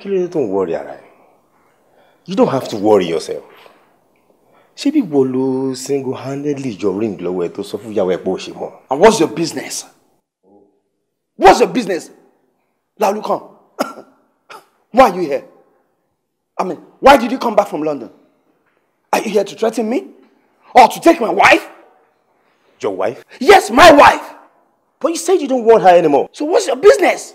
kí ló dé tó ń you don't have to worry yourself She be bolu, ló single handedly jọ ring lọ́wọ́ ẹ tó sọ fún ìyàwó ẹ and what's your business what's your business lalukan why are you here i mean why did you come back from London are you here to threaten me or to take my wife. your wife. yes my wife but you said you don't want her anymore so what's your business.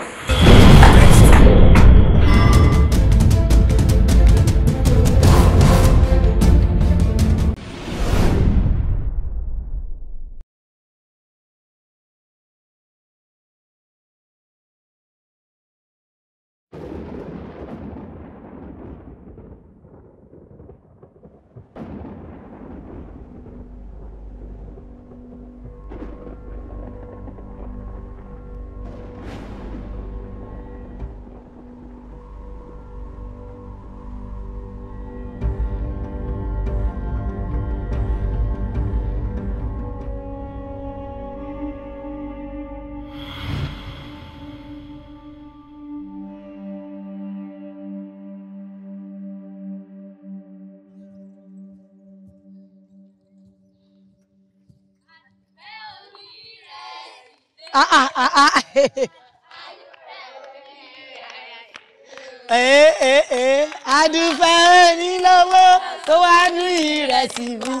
adúfẹ́ onílówó tó wá ní ìrẹsì mi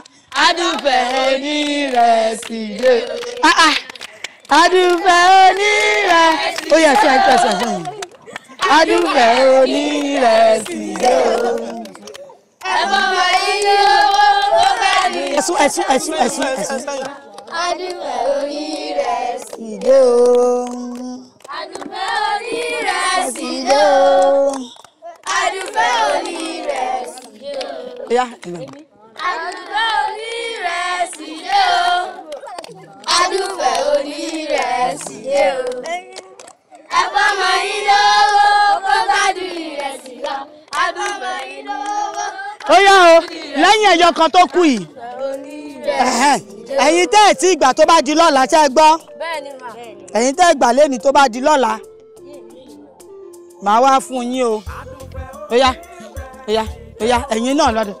adúfẹ́ onírẹsì dé adúfẹ́ onírẹsì ó yẹ kí ẹ pẹ̀sẹ̀ fún mi adúfẹ́ onírẹsì dé ẹ̀fọ́ mọ̀ ilé owó tó bá ní. ẹ̀sùn ẹ̀sùn ẹ̀sùn ẹ̀sùn ẹ̀sùn adúmọ̀ orí rẹ̀ sì dé o. adúmọ̀ orí rẹ̀ sì dé o. adúmọ̀ orí rẹ̀ sì dé o adúfẹ́ orí rẹ̀ sì dé o adúfẹ́ orí rẹ̀ sì dé o ẹ bá ọmọ yín lọ́wọ́ kó gbádùn ìrẹsì lọ àdúgbò ó yá o lẹ́yìn ẹ̀yọ kan tó kù yìí ẹ̀yin tẹ́ ẹ̀ tí ìgbà tó bá di lọ́la tẹ́ ẹ gbọ́ ẹ̀yin tẹ́ ẹ̀ gbà lẹ́ni tó bá di lọ́la màá wá fún yín o ó yá ó yá ó yá ẹ̀yin náà lọ́dọ̀.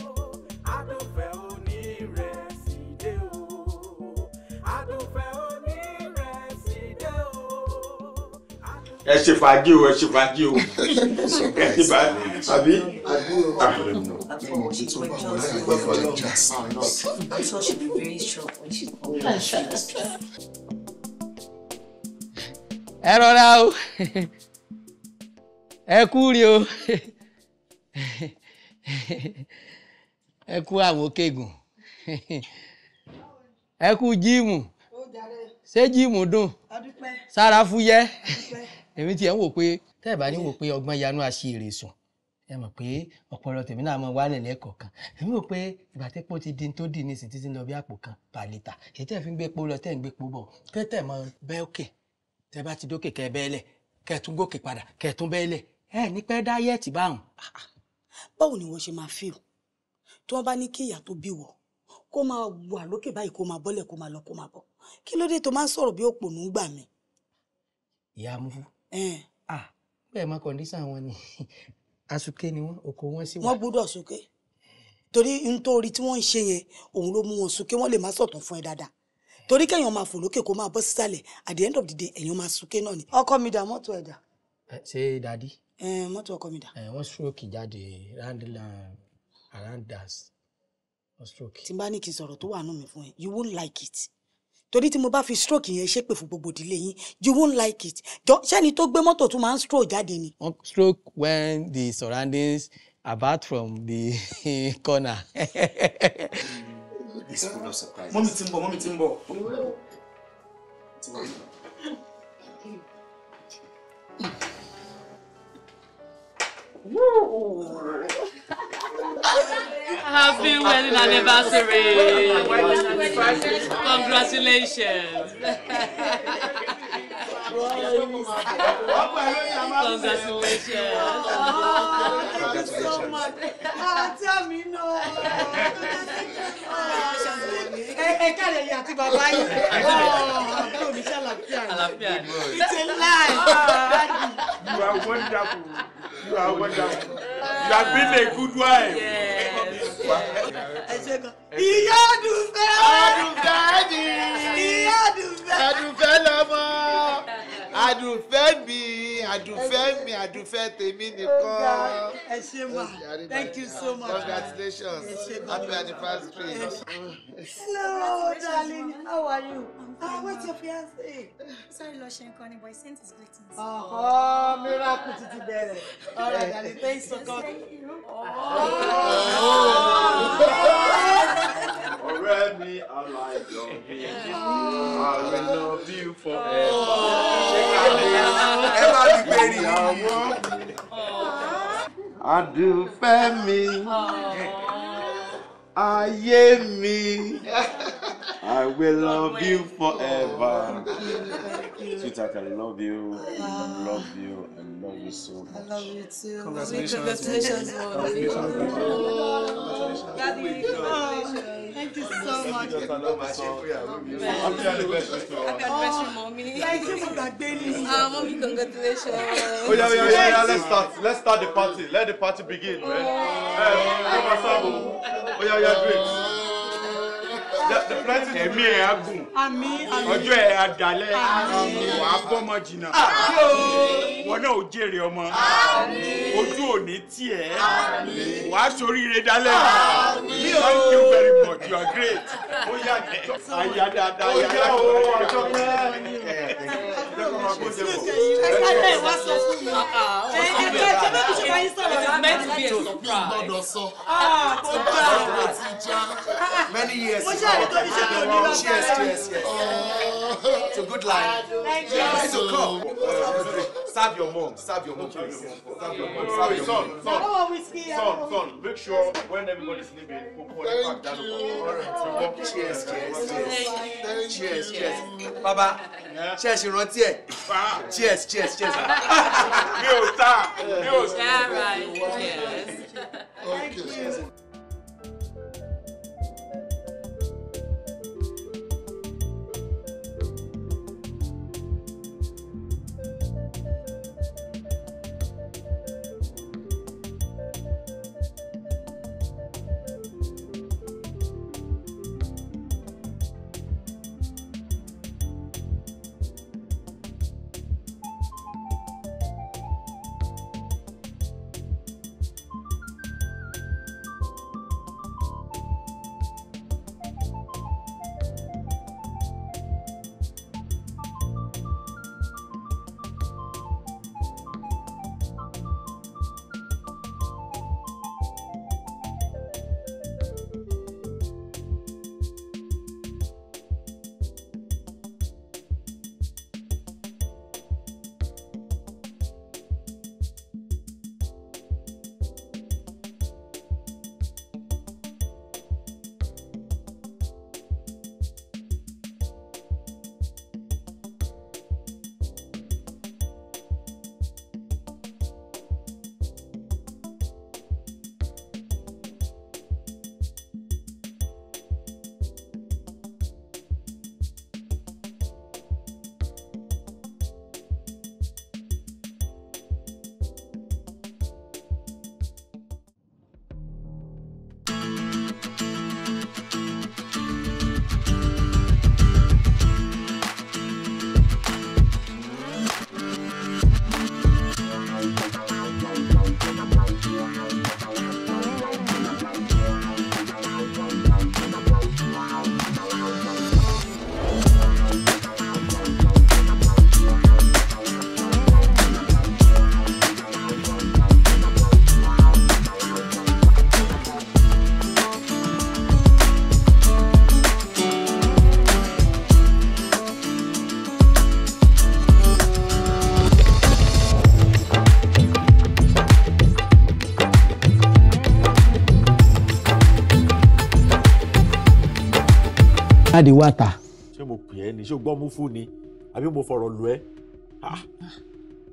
ẹ ṣe fàájì o ẹ ṣe fàájì o ẹ ti bá àbí. ẹ rọra o ẹ kú rí o ẹ kú àwọn kégùn ẹ kú jíìmù ṣé jíìmù dùn sára fúyẹ́ èmi tiẹ̀ ń wò pé tẹ́ ẹ̀ bá ní wò pé ọgbọ́n yanu àṣìírè sùn ẹ mọ̀ pé ọpọlọ tèmi náà mọ wà nílẹ̀ kọ̀ọ̀kan èmi rò pé ìgbà tí epo ti di tó dì ní ìsìn títí lọ bí àpò kan pa lítà èyí tẹ́ ẹ̀ fi ń gbé epo lọ tẹ́ ẹ̀ ń gbé epo bọ̀ kẹ́ tẹ̀ mọ bẹ́ẹ̀ òkè tẹ́ bá ti dókè kẹ́ bẹ́ẹ̀ lẹ̀ kẹ́ tún gòkè padà kẹ́ tún bẹ́ẹ̀ lẹ̀ ẹ ní pẹ́ dáyẹ̀tì báwọn. báwo ni wọ́n ṣe máa fíìl ah bẹ́ẹ̀ máa kọ̀ǹdíṣàn wọn ni àsùké ni wọn òkò wọn sì wà. wọ́n gbọ́dọ̀ sókè torí nítorí tí wọ́n ń ṣe yẹn òun ló mú wọn sókè wọ́n lè má sọ̀tàn fún ẹ dáadáa torí kéèyàn máa fò lókè kó máa bọ́ sísàlẹ̀ at the end of the day èèyàn máa sókè náà ni. ọkọ mi dà mọ́tò ẹ̀ dà. ṣé dadi. mọ́tò ọkọ mi dà. wọ́n stroke jáde around us wọ́n stroke. tí n bá ní kí n sọ̀rọ̀ tó wà nù mí fún ẹ you won't like it torí tí mo bá fi stroke yẹn ṣépè fún gbogbo ìdílé yín you won't like it jọ ṣẹ́ni tó gbé mọ́tò tó máa ń stroke jáde ni. stroke when the surroundings apart from the corner. this full of surprises. mọ́mí ti ń bọ̀ mọ́mí ti ń bọ̀. Woo! Happy wedding anniversary! Congratulations! Congratulations! Oh, thank you so much. Ah, tell me no. Ẹ kẹ́lẹ̀ yìí àti bàbá yìí. Àbúrò mi ṣe àlàáfíà. Àlàáfíà. It's a lie. You are wonderful. You are wonderful. You have been a good wife. Ìyá Adùnfẹ́. Adùnfẹ́ ni. Ìyá Adùnfẹ́. Adùnfẹ́ lọ́mọ àdùfẹ́ mi àdùfẹ́ mi àdùfẹ́ tèmi nìkan. ẹ ṣe ma thank you so much. congratulations happy anniversary. hello darling how are you. ah What's your fiance. sorry lọ ṣe nǹkan ni boy sent his greetings. ọ̀họ́ miracle ti ti bẹ̀rẹ̀ ọ̀rọ̀ darling thanks for coming. Oh, ọ̀rẹ́ mi oh, oh. aláìjọ mi i will love you forever. ọwọ́ àdùfẹ́ mi ayé mi I will love you forever. Sweetheart, I love you. I love you. I love you so much. I love you too. Congratulations. Congratulations. Congratulations. Daddy, congratulations. Thank you so much. Happy anniversary, Happy anniversary, mommy. Thank you for that Ah, mommy, congratulations. Oh yeah, yeah, yeah, Let's start. Let's start the party. Let the party begin, oh. eh, man. Hey, come on, Oh yeah, yeah, drinks. ẹ̀mí ẹ̀ á gùn ọjọ́ ẹ̀ á dalẹ̀ wà á bọ́mọ jìnnà ah, wọn náà ò jèrè ọmọ ojú òní tiẹ̀ wà á soríire dalẹ̀ thank you very much you are great ó yà àyà dáadáa yà á lọ ẹgbẹ́ ìwà many years ago mo ṣe àrètò iṣẹ́ mi ò ní lọ bẹ́ẹ̀ it's a good life yes o come serve your mom serve your mom serve your mom serve your mom son son make sure when everybody's leaving we pour the back. down cheers cheers cheers cheers cheers baba ṣe é ṣe rántí díẹ̀ cheers cheers cheers. mi ò ta mi ò sí. jáde wá ta. ṣé mo pè é ni ṣé o gbọ́ mú fún ni àbí mo fọ̀rọ̀ lù ẹ́.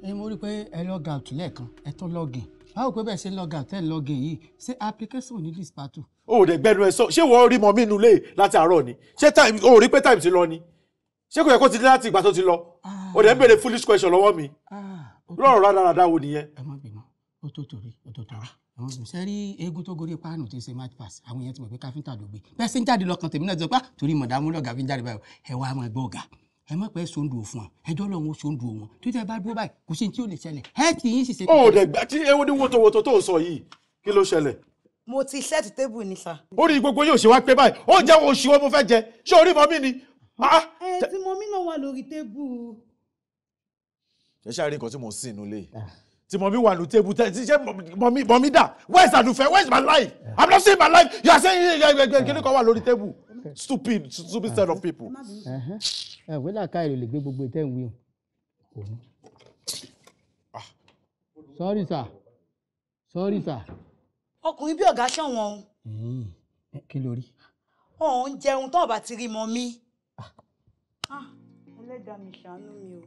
ẹ mo rí i pé ẹ log out lẹ́ẹ̀kan ẹ tún log in báwo pé bẹ́ẹ̀ ṣe log out ẹ log in yìí ṣé application ní dispatch. o ò dẹ̀ gbẹnu ẹ sọ ṣé wọ́n rí mọ́ mi nù lé láti àárọ̀ ni ṣé time o ò rí pé time ti lọ ni ṣé kò yẹ kó ti dé láti ìgbà tó ti lọ ah. o dẹ̀ ń béèrè foolish question lọ́wọ́ mi ah, lọ́rọ̀ rádaràda wo nìyẹn. ẹ má bínú ó tó torí ó tó torí ah àwọn sùn sẹ́rí eégún tó gorí páànù tí ń ṣe match pass àwọn èèyàn ti mọ̀ pé káfíńtà ló gbé bẹ́ẹ̀ sí ń jáde lọ́kàn tèmi náà ti sọ pé ah, torí mọ̀dàmú lọ́gà fi ń jáde báyìí ẹ wá máa gbọ́ ọ̀gá ẹ mọ̀ pé sóńdù òfun ọ ẹjọ́ lọ́wọ́ sóńdù òun tó tẹ́ bá dúró báyìí kò sí tí ò lè ṣẹlẹ̀ ẹ ti yín ṣiṣẹ́. ó dẹ̀ gbà tí ewu ní wotowoto tó sọ yìí kí ló ṣẹlẹ̀. mo ti ṣẹ́ẹ̀tì tébù ni sà. ó rí gbogbo yóò ṣe wá pé báyìí ó jẹ́ oṣù wo mo fẹ́ jẹ ṣé tí mọ̀mí wà ló tébù tẹ́ ti ṣe mọ̀mí mọ̀mí dà where is Adufe where is my life i'm not seeing my life you are saying kíni kan wà lórí tébù stupid stupid set of people. ẹ̀wé làkà èrè lè gbé gbogbo ìtẹ́ ìwé o. sorry sir sorry sir. ọkùnrin bí ọ̀gá ṣọ̀wọ́n. Hmm. Eh, kí ló rí. ọ̀hún jẹun tó ọba ti rí mọ mi. Ah. Ah. ẹlẹ́dàá mi ṣàánú mi o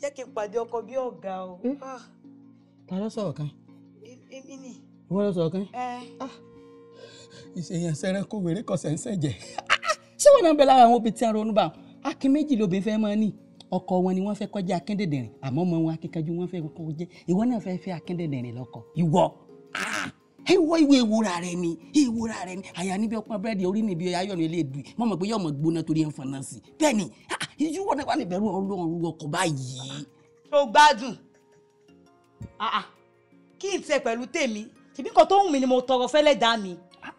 jẹ́ kí n pàdé ọkọ bí ọ̀gá o. Eh. Ah ta ló sọ̀rọ̀ kan. èmi ni. ìwọ ló sọ̀rọ̀ kan. Ah. ìṣèyàn sẹ́rẹ̀ kó wèrè kọ̀sẹ̀ ń sẹ̀jẹ̀. ṣé wọn náà bẹ lára àwọn obìnrin tí a ronú bá wọn akin méjì lóbìnrin fẹ́ máa ní ọkọ wọn ni wọ́n fẹ́ kọjá akíndèdèrìn àmọ́ ọmọ wọn akíkanjú wọ́n fẹ́ kọkọ jẹ́ ìwọ náà fẹ́ fẹ́ akíndèdèrìn lọ́kọ ìwọ ìwọ ah. ìwé ìwúra rẹ ni ìwúra rẹ ni àyà níbi ọpọn búrẹ́dì orí níbi ayọ̀nù eléèdú mọ̀mọ́ pé yọ̀mọ̀ gbóná torí ẹ̀ ń fọnà sí bẹ́ẹ̀ ni ah. ìjú wọn náà wà ní ìbẹ̀rù ọlọ́run ọkọ̀ báyìí. tó gbádùn Ah, ah. kí n tẹ pẹ̀lú tèmi tèmi kan tó ń mi ni mo tọrọ fẹ́lẹ́ dá mi. Ah,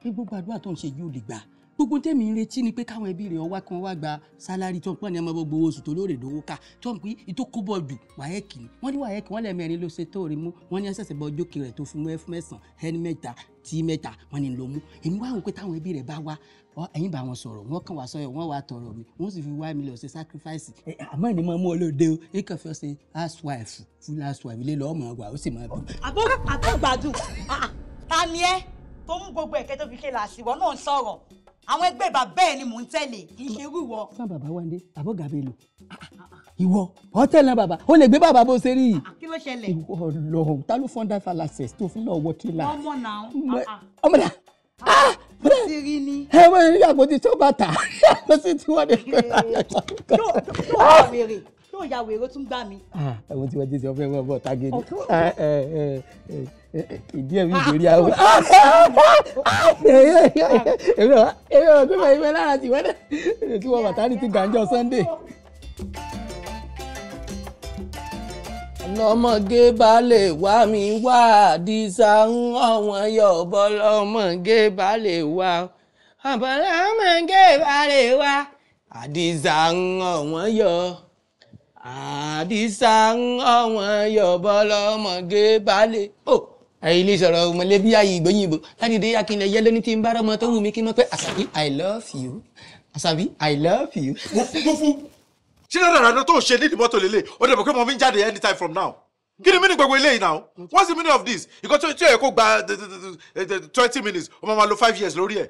pé gbogbo àdúrà tó ń ṣe yìí ò lè gbà gbogbo tèmi ń retí ni pé káwọn ẹbí rẹ̀ ọwá kan wá gba sálárì tó ń pọ̀ ní ọmọ gbogbo oṣù tó lóòrè lówó ká tó ń pín ìtò kóbọ̀ jù wáyẹ́kì ni wọ́n ní wáyẹ́kì wọ́n lẹ́mẹ̀rin ló ṣe tóore mú wọ́n ní ẹsẹ̀sẹ̀ bọ́ jókè rẹ̀ tó fún mẹ́sàn-án ẹni mẹ́ta tí mẹ́ta wọ́n ní ló mú èmi wá pé táwọn ẹbí rẹ̀ bá wá ẹ̀yin bá wọn sọ̀rọ̀ wọ́n kàn wá sọ̀rọ̀ wọ́n wá tọrọ mi wọ́n sì fi one million ṣe sacrifice àmọ́ ẹni máa mú ọ o ẹ kàn fẹ́ ṣe housewife full housewife ilé lọ́ọ́ máa wà ó sì máa bí. àbọ̀ àbọ̀ gbádùn ah, ah, ta ni ẹ tó mú gbogbo ẹ̀kẹ́ tó fi ké làásìwọ́ náà ń sọ̀rọ̀ àwọn ẹgbẹ́ bàbá ẹ̀ ni mò ń tẹ̀lé kì í ṣe irú wọ. fún bàbá wa ndé àbọ̀ gàbé lò ah, ìwọ hotel náà bàbá ó lè gbé bàbá bó ṣe rí i. kí ló ṣẹlẹ̀. ìwọ Ọlọ́run ta ló fọ́ndà fallacies tó fi náà wọ tílà. ọmọ náà ọmọ náà bẹ́ẹ̀ ti rí ni. ẹ wọ́n rí tó bá tà ó sì ti wọ́n ní pé. yóò ya wèrè yóò ya wèrè tún gbà mí. ẹ̀wọ̀n wọ́n ti sọ fẹ́ wọ́n bọ̀ tágídì ìdí ẹ̀mí ìgbérí àwọn. èmi ò gbé bẹ́ẹ̀ lára tiwọn dẹ̀ kí wọ́n bàtà ní ti gànjọ́ Sunday lọ́mọge bá wá mi wá àdìsá ń ọ̀wọ́n yọ̀bọ lọ́mọge bá wá ọ̀bọ̀ lọ́mọge bá wá àdìsá ń ọ̀wọ́n yọ àdìsá ń ọ̀wọ́n yọ̀bọ lọ́mọge bá lè ó ẹ̀yin sọ̀rọ̀ ọmọlẹ́bí ayé ìgbóyìnbó láti dé akínlẹ̀ yẹ́ lóní tí ń bára ọmọ tó wù mí kí n mọ̀ pé àṣàbí i love you àṣàbí i love you ṣé dáradára tó ṣe nídìí mọ́tò lélẹ̀ ó dẹ̀ mọ̀ pé mo fi ń jáde anytime from now kí ni meaning gbogbo eléyìí now what's the meaning of this ìkọ́ tó yẹ kó gba eh, eh, eh, twenty minutes ó máa ma lo five years lórí ẹ̀.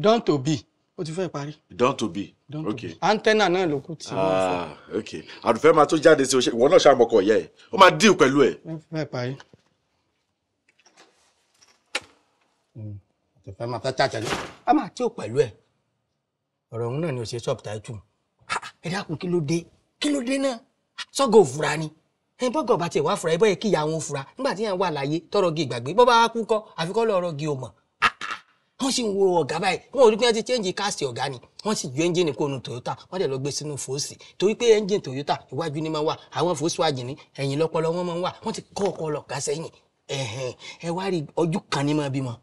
don to be ó ti fẹ́ parí. don to be don okay. to be antenna náà ló kù tí wọ́n fẹ́. Ah, okay àdùfẹ́ máa tó jáde sí ìwọ náà ṣàmọkọ ìyá ẹ̀ ó máa deal pẹ̀lú ẹ̀. ó fẹ́ parí. Mm, àtẹ̀fẹ́ máa fẹ́ ṣàṣàjọ a máa tí ò pẹ̀lú ẹ̀ ọ̀rọ̀ òun náà ni ò ṣe subtitle ẹ dákun kí ló dé kí ló dé náà sọ́gọ̀ òfura ni ẹ bọ́gọ̀ bá tiẹ̀ wá fura ẹ bọ́ yẹ kí ìyá wọn fura nígbà tí yàn wà láyé tọrọ gi ìgbàgbé bọ́ bá wá kú kọ́ àfikọ́ lọ́ọ́rọ́ gi òmọ̀ ah, ah, sì ń wo ọ̀gá báyìí wọ́n ò rí pé wọ́n ti change cast ọ̀gá ni wọ́n sì ju ẹ́ńjìnì kó nu Toyota dẹ̀ lọ gbé sínú fòsì torí pé ẹ́ńjìnì Toyota iwájú ni máa wà àwọn Volkswagen ní ẹ̀yìn lọ́pọlọ wọ́n máa ń wà wọ́n ti kọ́ ọ̀pọ̀lọ̀ gà sẹ́yìn ẹ̀hẹ̀n ẹ wá rí ọjọ́ kan ní máa bímọ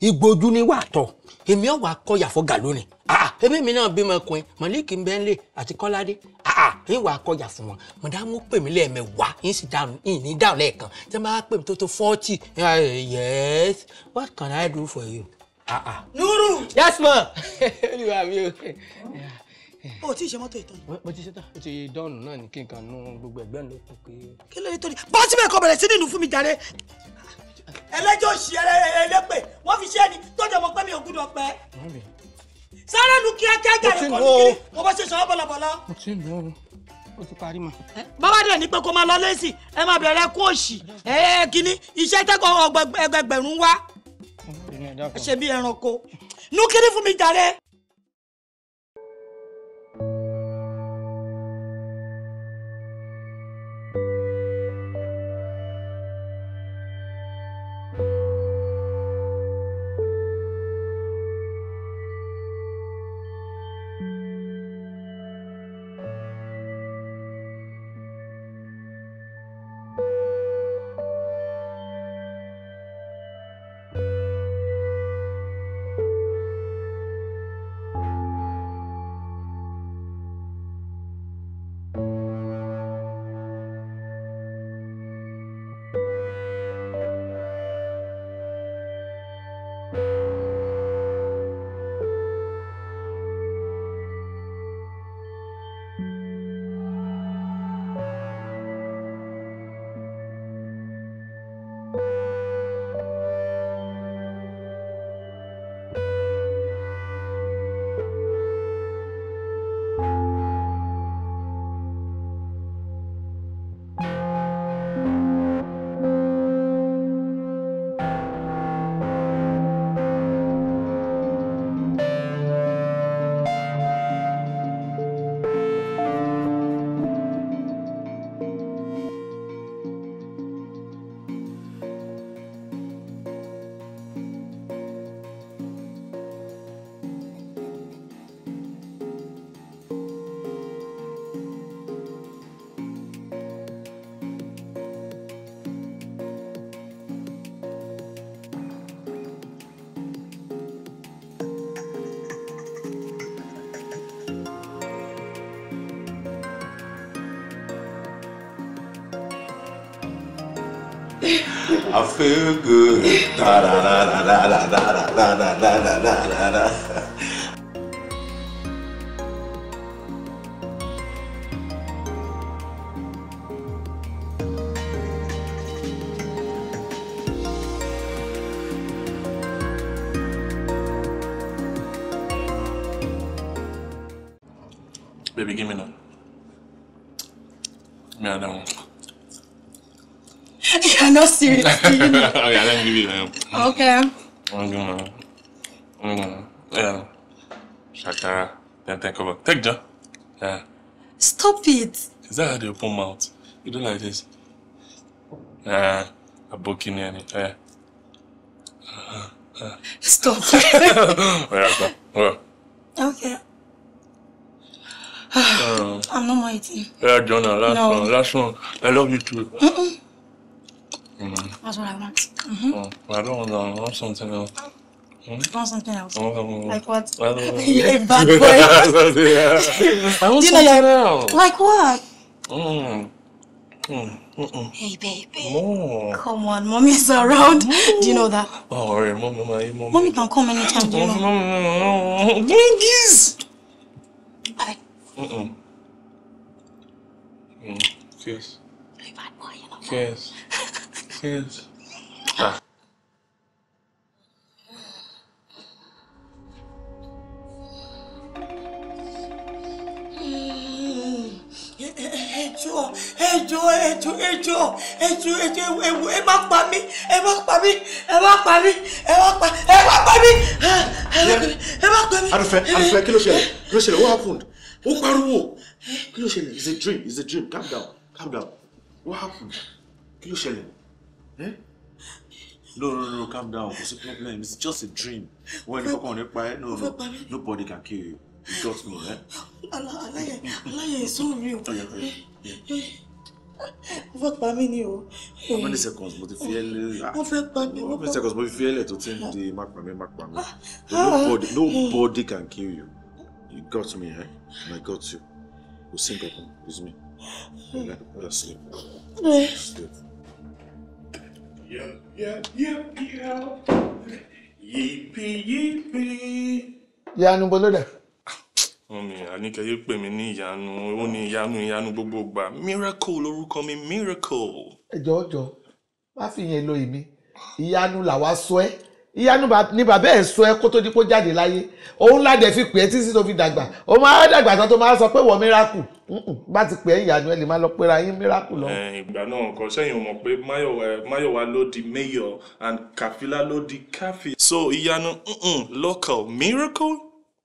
ìgbójú ni wà tọ̀ èmi ọ̀ wà kọ́ yàfọ́ galoni. lónìí èmi ah, mi náà bímọ ọkùnrin mọ̀lẹ́kì ń bẹ́ńlẹ̀ àti kọ́ládé ń wà kọjá fún wọn mọ̀dámú pè mí lẹ́ẹ̀mẹwàá ń sì dáhùn ìní dáhùn lẹ́ẹ̀kan tí wọ́n bá pè mí tó tó fọ́tì yes what can I do for you. Ah, ah. nuru. yes ma. olùwà mi o. o ti ṣe mọ́tò ìtọ́ni. mo ti ṣe tán o ti dọ́ọ̀nù náà ní kí n kan nu gbogbo ẹ̀gbẹ́ mi ló kù pé. kí ló dé tó ní bọ́sibẹ̀ kọ bẹ̀rẹ̀ sí nínú fún mi jàre ẹlẹ́jọ́ òsì ẹlẹ́pẹ̀ wọ́n fi ṣẹ́ ni tó dẹ̀ mọ́ pé mi ò gbúdọ̀ pẹ́. sáré lu kíákíá gàrí kọ́ nìkiri mo bá ṣe sọ bọ̀lọ̀bọ̀lọ̀. mo ti lọ o o ti parí ma. bàbá dẹ̀ ní pé kó máa lọ lẹ́sìn ẹ máa bẹ̀rẹ̀ kó òsì ẹ kínní iṣẹ́ tẹ́kọ̀ ẹgbẹgbẹ̀rún wá ṣe bí ẹranko nukiri fún mi jàre. I feel good. da da da da da da da da da da da da. oh give you Okay. I'm gonna, I'm gonna, yeah. Shakara, then take over. Take the Yeah. Stop it. Is that how they open mouth? You do like this. Yeah, a book in here. Yeah. Uh, uh. Stop. Okay. I'm not waiting. Yeah, Jonah, last one, last one. I love you too. Mm That's what I want. Mm -hmm. well, I don't want that. I want something else. Oh. Hmm? I want something else. I want something else. Like what? you're a bad boy. I want you something know, else. Like what? Mm. Mm. hey, baby. More. Come on, mommy's around. More. Do you know that? Oh, all right, mommy, mommy, mommy. Mommy can come anytime. Do you know? Mommy, Monkeys. Alright. Mm-mm. Mm. Kiss. you a bad boy, you know. Kiss. kids. Ah. ẹjọ ẹjọ ẹjọ ẹjọ ẹjọ ẹjọ ẹwọ ẹ má pa mí ẹ má pa mí ẹ má pa mí ẹ má pa ẹ má pa mí ẹ má pa what happened ó it's a dream it's a dream calm down calm down what happened kí ló No, no, no, calm down. It's just a dream. When you come on the no, no, nobody can kill you. You got me, eh? Allah, aláyẹ̀ is so real. Oh, eh, eh. Wọ́n fẹ́ pa mí ni o. How many seconds mo ti fi ẹ́ lé? Ah. Wọ́n fẹ́ pa mí. How many seconds mo ti fi ẹ́ lẹ̀ ah. ah, Nobody nobody can kill you. You got me, eh? And I got you. Kò sí nǹkan kan, it's me. Eh. Let's sleep. Sleep. Yep, yep, yep, yep. Yippee, yippee. Ìyanu bolo dẹ̀. Mọ̀mí, Àníkẹ́yẹ́ pè mí ní ìyanu, ó ní ìyanu ìyanu gbogbo ìgbà. Miracle lorúkọ mi, miracle. Ẹ jọ̀ọ́ jọ̀ọ́, má fi yẹn lo èmi. Ìyanu làwa sọ ẹ́ ìyá ni bàbá ẹ̀ sọ ẹ́ kó tó di kó jáde láyé òun ládẹ fi pè é títí tó fi dàgbà ó máa dàgbà tó máa sọ pé wọ́n miracle bá ti pè é ìyanu ẹ lè máa lọ pera yín miracle lọ. ìgbà náà nǹkan sẹ́yìn mọ̀ pé Máyọ̀wá ló di mayor and Kàfílà ló di káfí. so ìyanu local miracle.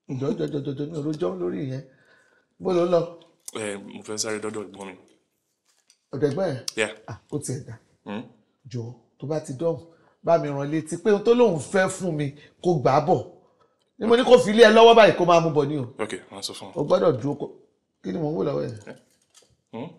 jọjọjọjọjọ ní orojọ lórí yẹn bó ló lọ. mo fẹ́ sáré dọ́dọ̀ ìgbọ́n mi. ọ̀dẹ̀gbọ́n ẹ̀ ah, ó ti ẹ̀dá hmm? jọ tó bá ti dọ́hùn bá mi ràn létí pé ohun tó lóun fẹ́ fún mi kó gbà á bọ̀ ni mo ní kó fi ilé ẹ lọ́wọ́ báyìí kó máa mú bọ̀ ni o. ok wọn sọ fún ọ. o gbọ́dọ̀ dúró kó kí ni mò ń wò lọ́wọ́ ẹ̀. Hmm?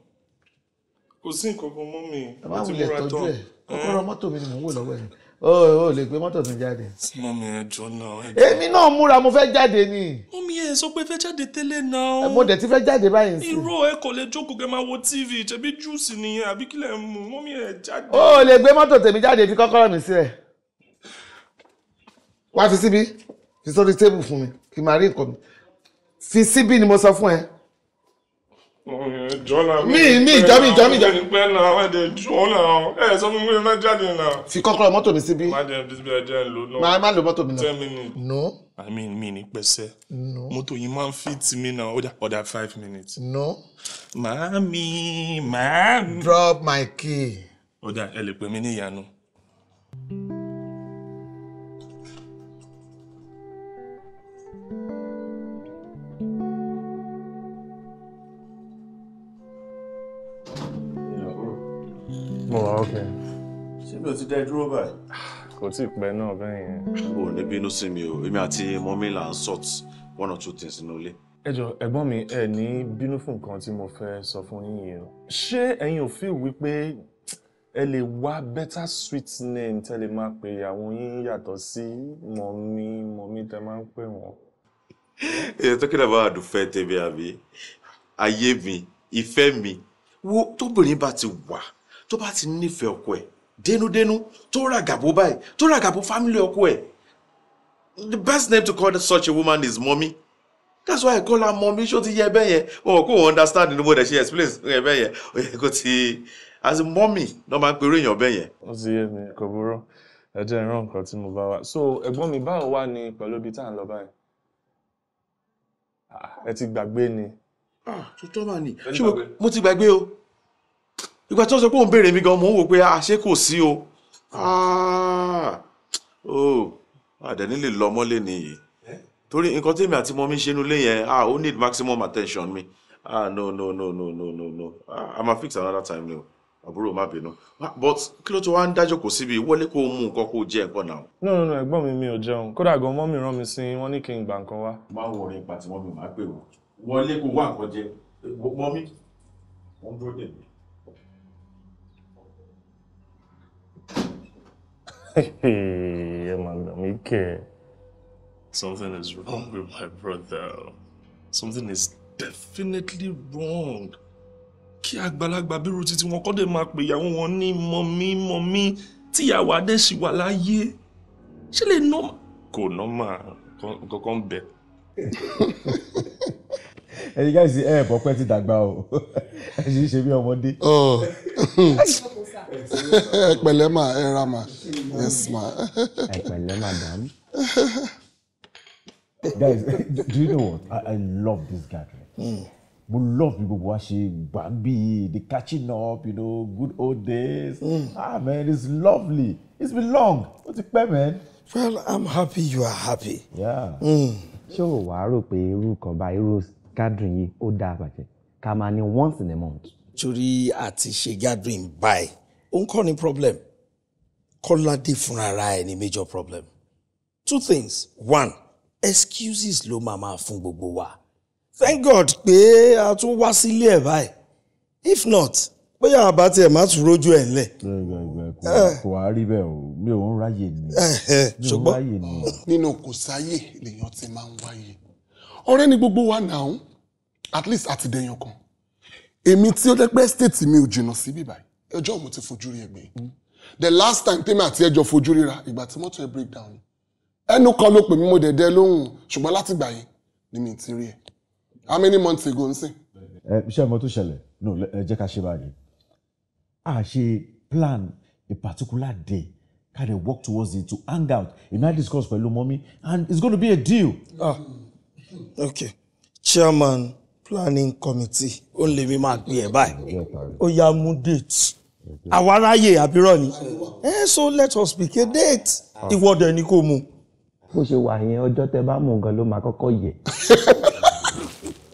kò sí nǹkan kan mọ́ mi. ẹ má wulẹ̀ tọ́jú ẹ̀ kọ́kọ́rọ́ mọ́tò mi ni mò ń wò lọ́wọ́ ẹ̀. Oh, oh, lè gbé mọ́tò tún jáde. mọ mi ẹ jọ náà. èmi náà múra mo fẹ́ jáde ni. mọ mi ẹ sọ pé fẹ́ jáde tẹ́lẹ̀ náà. mo dẹ̀ ti fẹ́ jáde báyìí sí. irọ́ ẹ kò lè jókòó kẹ́ máa wo tv tẹ̀bí júùsì nìyẹn àbí kí lẹ̀ mú mọ mi ẹ jáde. o ò lè gbé mọ́tò tèmi jáde fi kọ́kọ́rọ́ mi sílẹ̀. wá fi Sibi fi sórí tébù fún mi kí n máa rí mi fi síbí ni mo sọ fún ẹ mi mi ìjà mi ìjà mi ìjà. pẹ́ náà wọ́n ẹ̀dẹ̀ jù ọ́ náà ẹ̀ sọ fún mi fẹ́ jáde náà. fi kọ́kọ́rọ́ mọ́tò mi síbí. má jẹ́ bísí bẹ́ẹ̀ jẹ́ ń lò náà. máa má lo mọ́tò mi náà. no. i mean mi ní pẹ́sẹ́. no. mọ́tò yìí máa ń fit mi náà ó dà ọ̀dà five minutes. no. màámi màámi. drop my key. ó dà ẹ lè pè mí ní ìyanu. mo wà ókè. síbi ò ti dẹ dúró báyìí. kò tí ì pẹ́ náà bẹ́ẹ̀ yẹn. o ò ní bínú sí mi o èmi àti mọ́mí là ń sort one or two things nínú ilé. ẹ jọ ẹ̀gbọ́n mi ẹ ní bínú fún nǹkan tí mo fẹ́ sọ fún yín yẹn o ṣé ẹ̀yin ò fi wípé ẹ lè wá better sweet name tẹ́ lè máa pè àwọn yín yàtọ̀ sí mọ̀mí mọ̀mí tẹ́ máa ń pè wọ́n. èyí tó kí bá àdùfẹ́ tèmi àbí ayé mi ìfẹ́ mi wo tóbìnrin bá ti wà tó bá ti nífẹ̀ẹ́ ọkọ ẹ̀ dénúdénú tó ràgàbó báyìí tó ràgàbó fámílì ọkọ ẹ̀ the best name to call such a woman is mommy that's why i call her mommy ṣó ti yẹ bẹ́ẹ̀ yẹn wọn kò wọ́n understand ní bó dẹ̀ ṣe explain ẹ bẹ́ẹ̀ yẹn ó yẹ kó ti as a mommy lọ́ máa ń pe oríyàn bẹ́ẹ̀ yẹn. ó ti yé mi kò burú ẹ jẹ́ ìran nǹkan tí mo bá wá so ẹ̀gbọ́n mi báwo wà ní pẹ̀lú ibi tá à ń lọ báyìí ah, ẹ ti gbàgbé ni. ah tó tọ́ mà ní ṣé mo ti gbàgbé o ìgbà tí wọ́n sọ pé òun béèrè mi gan mò ń wò pé àṣé ah, kò sí o ó àdẹ̀ni lè lọ mọ́lé nìyí torí nǹkan tí èmi àti mọ́mí ṣe nulẹ̀ yẹn ah ó need maximum attention mi ah no no no no no no no ah, i'm a fix another time ni o àbúrò má bínú ah, but kí ló tó wá ń dájọ́ kò síbi wọlé kó mú nǹkan kó jẹ nǹkan náà. no no no ẹ̀gbọ́n mi mi ò jẹun kódà gan mọ́mí rán mi sí wọ́n ní kí n gbà nǹkan wá. má wọ orin pàtí mọ́mí má pè wọ́n wọlé kó wá nǹkan jẹ mọ́mí wọ́n dúró dè mí. Hey, Madam Ike. Something is wrong with my brother. Something is definitely wrong. Kí àgbàlagbà bírú títí wọn kọ́ dé máa pè ìyàwó wọn ní mọ̀mí mọ̀mí tíyàwó Adéṣì wà láyé. Ṣé lè nọ́mà? Kò nọ́mà kankan bẹ̀ ẹ̀yin ká ìsìn ẹ̀ bọ́ pẹ́ ti dàgbà o ẹ ṣe ń ṣe bí ọmọdé. ẹ pẹ̀lẹ́ mà ẹ ra mà yes ma. ẹ pẹ̀lẹ́ madam. guys do you know what I, I love this gathering. Mm mo love bí gbogbo wa ṣe gbà bí the catching up you know good old days mm. ah man it's lovely it's been long ó ti pẹ́ man. well i'm happy you are happy. Hmm. ṣé o wàá rò pé irú kan bá irú gathering yìí ó dáa bàjẹ́ ká máa ní once in a month. torí àti ṣe gathering báyìí ó ń kọ́ ni problem kọ́ládé fúnra ra ní major problem two things one excuses ló máa máa fún gbogbo wa thank god pé a tún wá sílé ẹ̀ báyìí if not bóyá àbá tiẹ̀ má tún rójú ẹ̀ ńlẹ̀. Eh, kò wá rí bẹ́ẹ̀ o mi ò ń ráyè ni. Eh, eh, ṣùgbọ́n nínú kò sáyè lèèyàn ti máa ń wáyè ọ̀rẹ́ ni gbogbo wa now? at least àti dẹ̀yàn kan èmi tí ó jẹ́ pé estate mi ò jìnnà sí bíbáyìí ẹjọ́ mo ti fojú rí ẹgbẹ́ the last time tèmi àti ẹjọ́ fojú ríra ìgbà tí mọ́tò ẹ break down ẹnu kan ló pè mí mo dẹ̀dẹ̀ lóhùn ṣùgbọ́n láti gbà yẹn ni mi ti rí ẹ how many months ago n sìn. ẹ ṣé ẹ mọ̀ tó no ẹ jẹ́ ká ṣe báyìí a ṣe plan a particular day ká dey work towards it to hang out èmi á discuss pẹ̀lú mọ́mí and it's gonna be a deal. Uh okay chairman planning committee ó ń lè mi máa pè ẹ́ báyìí ó yá mú date àwa ráyè àbírọ̀ ni ẹ so let us pick a date ìwọ́dọ̀ ẹni kò mú. bó ṣe wà yẹn ọjọ́ tẹ bá mú nǹkan ló máa kọ́kọ́ yẹ.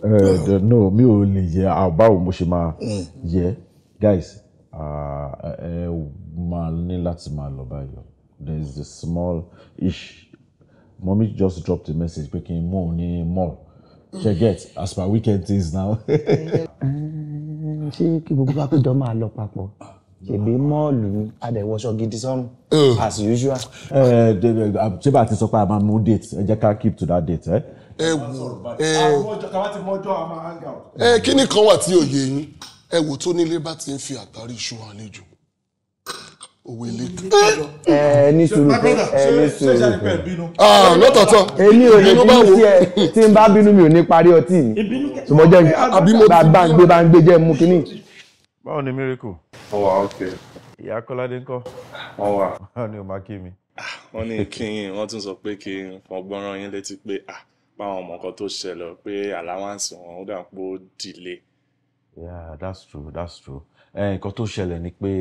ẹ eh, no mi ò lè yẹ báwo mo ṣe máa mm. yẹ guys ẹ máa ní láti máa lọ báyọ there is a small issue Mummy just dropped a message pé kí n mú òun ní mall she get as per weekend things now. Eh, ṣé kí gbogbo àpéjọ máa lọ papọ̀ ṣèbí mọ́ọ̀lù ni adẹ̀wọṣọ gidi sọ́run oh. as usual. Eh, ṣé bá a ti sọ pé a máa mú date ẹ jẹ́ ká keep to that date. Eh? ẹ wò ẹ ẹ eh, kíní kan wà tí òye yín ẹ wò tó nílé bá ti ń fi àtàrí iṣu àlejò owó ilé kan. ẹ eh, eh, eh, ní sùúrù pé ẹ ní sùúrù pé. ah lọ́tọ̀ọ̀tọ̀ èmi ò ní bínú sí ẹ tí n bá bínú mi ò ní parí ọtí mi ṣùgbọ́n jẹ́ bá ń gbé bá ń gbé jẹ́ mú kínní. báwo ni miracle. ó wà ókè. ìyá kọ́ládé ńkọ́. wọ́n wà. báwo ni o máa kí mi. Ah, wọ́n ní kí n wọ́n tún sọ pé kí n fọgbọ́n rán yín létí pé ah báwọn ọmọ kan tó ṣẹlẹ̀ pé àláwáǹsì wọn ó dà dìlé. yeah that's true that's true nǹkan tó ṣẹlẹ̀ ni pé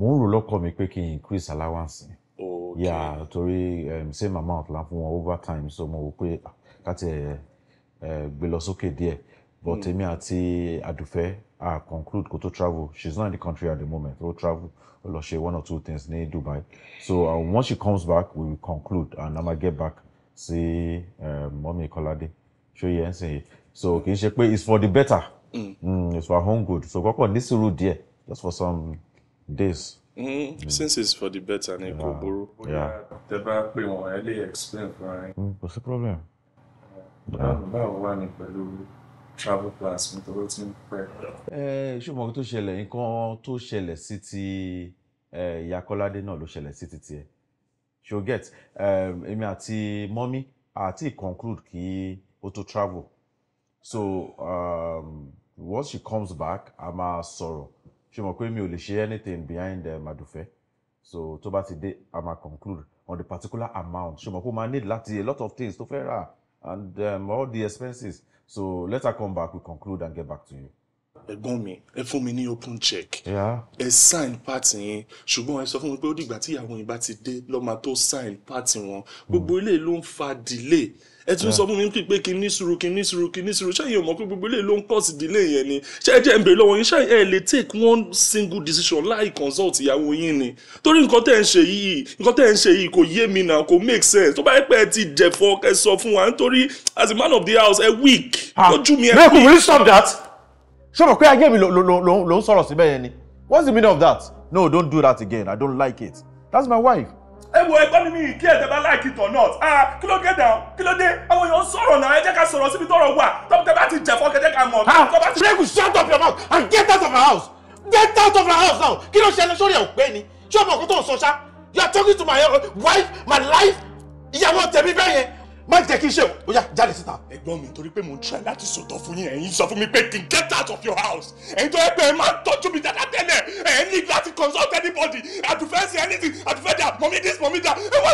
mo ń rò lọ́kọ̀ mi pé kí n increase allowance mi yeah torí um, same amount la fún wọn over time so mo wò pé ah, káti ẹ eh, gbé lọ sókè díẹ̀ but hmm. èmi àti àdùfẹ́ ah conclude kó tó travel She is not in the country at the moment ó travel ó lọ ṣe one or two things ní Dubai so um, once she comes back we will conclude and i ma get back sí mọ́mí um, Kọ́ládé ṣó yẹ ẹ́ sìn yìí so kì í ṣe pé it's for the better mm. Mm, it's for our own good so kọ́kọ́ ní sùúrù díẹ̀ just for some days. Mm. Mm. since it's for the better ni kò burú. bóyá tẹ bá pè wọn ẹ lè explain fún ẹ. Mm, kò sí problem. báwo wà ní pẹ̀lú travel plans mi tó ti ń pẹ́. ẹ ṣùgbọ́n kí tó ṣẹlẹ̀ nǹkan tó ṣẹlẹ̀ sí ti ìyá Kọ́ládé náà ló ṣẹlẹ̀ sí ti tiẹ̀ ṣó get èmi àti mọ́mí àti conclude kí ó tó travel so um, once she comes back a máa sọ̀rọ̀ ṣe mọ̀ pé mi ò lè ṣe anything behind uh, eh, Madufe so tó bá ti dé a máa conclude on the particular amount ṣe mọ̀ pé o máa need láti a lot of things tó fẹ́ rà and um, all the expenses so let her come back we conclude and get back to you ẹ̀gbọ́n mi ẹ fún mi ní open check ẹ sign part yẹn ṣùgbọ́n ẹ sọ fún mi pé ó dìgbà tí ìyàwó yín bá ti dé ló tó sign part wọn gbogbo hmm. ilé ló ń fa delay ẹ tún sọ fún mi pé kí ní sùúrù kí ní sùúrù ṣé ìyẹn mọ̀ pé gbogbo ilé ló ń cause delay yẹn ni ṣé ẹ jẹ́ ń bèrè lọ́wọ́ yín ṣé ẹ lè take one single decision láì consult ìyàwó yín ni torí nǹkan tẹ́ ń ṣe yìí nǹkan tẹ́ ń ṣe yìí kò yé mi náà kò make sense tó bá yẹ pé ẹ ti jẹ̀fọ́ kẹ sọ fún wa nítorí as a man of the house ẹ weak ah, lójú mi ẹ weak. mẹ́kùn will stop that ṣé mo pé ayé mi ló ń sọ̀rọ̀ síbẹ̀ yẹn ni what's the meaning of that no don't do that again i don't like it that's my wife. ẹ wo ẹgbẹ́ mi mi kí ẹ̀ tẹ́lá like it or not ah kí ló dé down kí ló dé àwọn èèyàn sọ̀rọ̀ náà ẹ jẹ́ ká sọ̀rọ̀ síbi tọ́rọ̀ wà tọ́pọ̀ tẹ́ bá ti jẹ̀fọ́ kẹ́jẹ́ ká mọ̀. ah Segun shut up your mouth and get out of my house get out of my house now kí ló ṣẹlẹ̀ sórí ẹ̀ òpé ni ṣé ọmọ ọkọ tó ń sọ ṣá you are talking to my wife my life ìyàwó tèmi bẹ́ẹ̀ yẹn má jẹ́ kí n ṣe o yá jáde síta. ẹ̀gbọ́n mi torí pé mo ń try láti sọ̀tọ̀ fún yín ẹ̀yin sọ fún mi pé kí get out of your house ẹ̀yin tó yẹ pé ẹ máa tọ́jú mi dáadáa tẹ́lẹ̀ ẹ̀ ní láti consult anybody àdùfẹ́ sí anything àdùfẹ́ dà mọ̀mí this mọ̀mí dà ẹ wá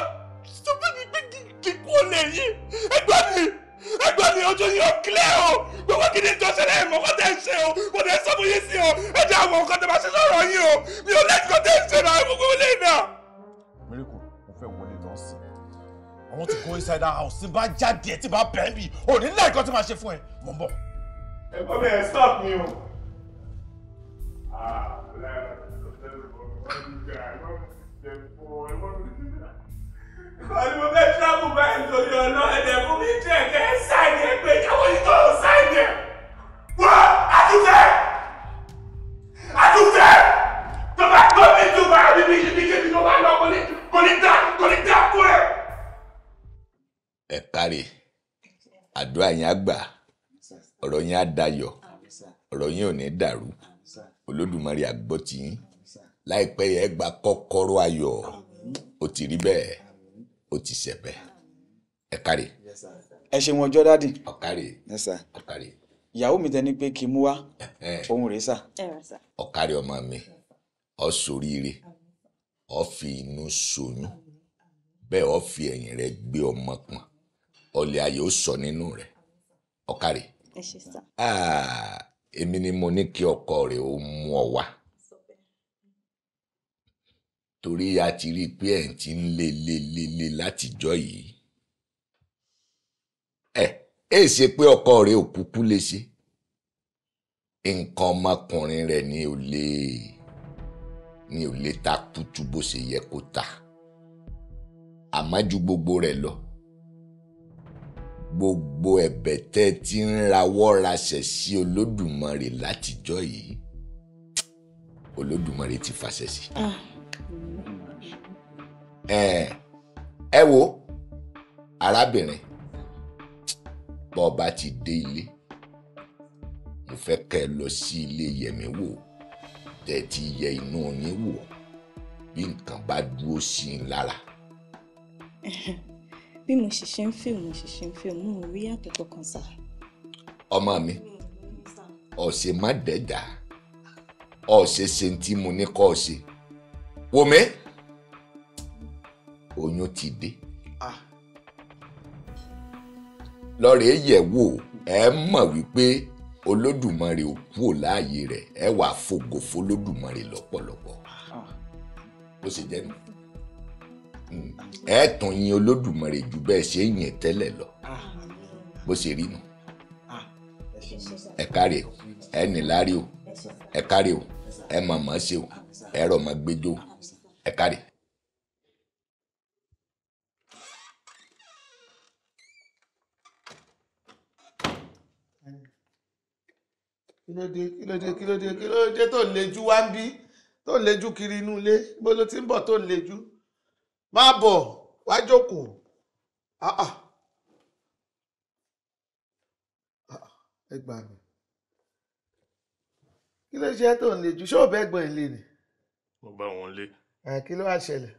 sọ fún mi pé kí n kú lè yí ẹ̀gbọ́n mi ẹ̀gbọ́n mi ojú yìí ò clear o gbogbo kí ni tó ṣẹlẹ̀ ẹ̀ mọ̀ kọ́tà ẹ̀ ṣe o mo dẹ̀ sọ fún yín sí o ẹ jẹ́ àwọn nǹkan tó bá ṣe sọ̀rọ̀ yín o mi ò lẹ́yìn kọ́tà ẹ̀ ṣe náà I want to go inside that house. Tí n bá jáde ẹ̀ tí n bá bẹ̀ ẹ́ bì, ò ní lẹ́ẹ̀kan tí màá ṣe fún ẹ. Mo ń bọ̀. Ẹ̀gbọ́n mi ẹ̀ stop mi o. Àlùmọ̀ bẹ́ẹ̀ tíráàbù báyìí nítorí ọ̀nà ẹ̀dẹ̀ fún mi jẹ́ ẹ̀kẹ́ sáìnì ẹ̀ pé káwọn yìí tó sáìnì ẹ̀. Wọ́n àtúfẹ́ àtúfẹ́ tó bá gbọ́ mi tó bá rí mi ṣe bí ṣe bí tó bá lọ kò ní dá kò ní dá kú ẹ̀ ẹ káre àdúrà yín á gbà ọ̀rọ̀ yín á dayọ̀ ọ̀rọ̀ yín ò ní dàrú olódùmarè á gbọ́ ti yín láìpẹ́ yẹ ẹ gba kọ́kọ́rọ́ ayọ̀ ó ti rí bẹ́ẹ̀ ó ti ṣẹ bẹ́ẹ̀ ẹ káre. ẹ ṣe wọn jọ dádì. ọ̀kárè ọ̀kárè. ìyàwó mi tẹni pé kí n mú wá ohun rèé sà. ọ̀kárè ọmọ mi ọ ṣoríire ọ fi inú ṣoyún bẹ́ẹ̀ ọ fi ẹ̀yìn rẹ gbé ọmọ pọ̀n ọlẹ̀ ayé ó sọ nínú rẹ̀ ọ̀kàrẹ̀. ẹ ṣe sá. Ah, èmi ni mo ní kí ọkọ rẹ̀ ó mú ọ wá torí a ti rí i pé ẹ̀ ń ti ń lé lé lé lé látijọ́ yìí ẹ ẹ ṣe pé ọkọ rẹ̀ ò kúkú lè ṣe nǹkan ọmọkùnrin rẹ̀ ni ò lè ni ò lè ta kútu bó ṣe yẹ kó ta àmọ́ ju gbogbo rẹ̀ lọ gbogbo ẹ̀bẹ̀ tẹ́ ti ń rawọ́ raṣẹ̀ sí olódùmarè látijọ́ yìí olódùmarè ti fàṣẹ sí. Ah. ẹ wo arábìnrin bọ́ ọ bá ti dé ilé mo fẹ́ kẹ́ ẹ lọ sí ilé yẹ̀mí wò tẹ́ ti yẹ inú yín wò bí nǹkan bá dúró sí i lára. bí mo sì ṣe ń fèmù mo sì ṣe ń fèmù mo rí yàtọ̀ kankan sá. ọmọ mi ọ̀sẹ̀ má dẹ́jà ọ̀sẹ̀ ṣe tí mo ní kọ́ ọ̀sẹ̀ wò mí oyún ti dé lọ́rẹ̀ẹ́ yẹ̀ wò ẹ mọ̀ wípé olódùmarè ò kúrò láàyè rẹ̀ ẹ wàá fògo f'olódùmarè lọ́pọ̀lọpọ̀ bó ṣe jẹ́ nù ẹ tún yin olódùmarè jù bẹ́ẹ̀ ṣe yìn tẹ́lẹ̀ lọ bó ṣe rí nu ẹ káre o ẹ níláre o ẹ káre o ẹ màmá ṣe o ẹ rọ̀ mọ́ gbẹjọ́ ẹ káre. kí ló dé kí ló dé kí tó ń wá ń bí tó ń kiri inú ilé bó ló ti ń bọ̀ tó ń má bọ̀ wá jókòó ah, ah. Ah, ẹ gbà mí kí ló ṣe tó ń le jù ṣé ò bẹ́ẹ̀ gbọ́n ẹ̀ lé ni. mo bá wọn lé. kí ló wá ṣẹlẹ̀.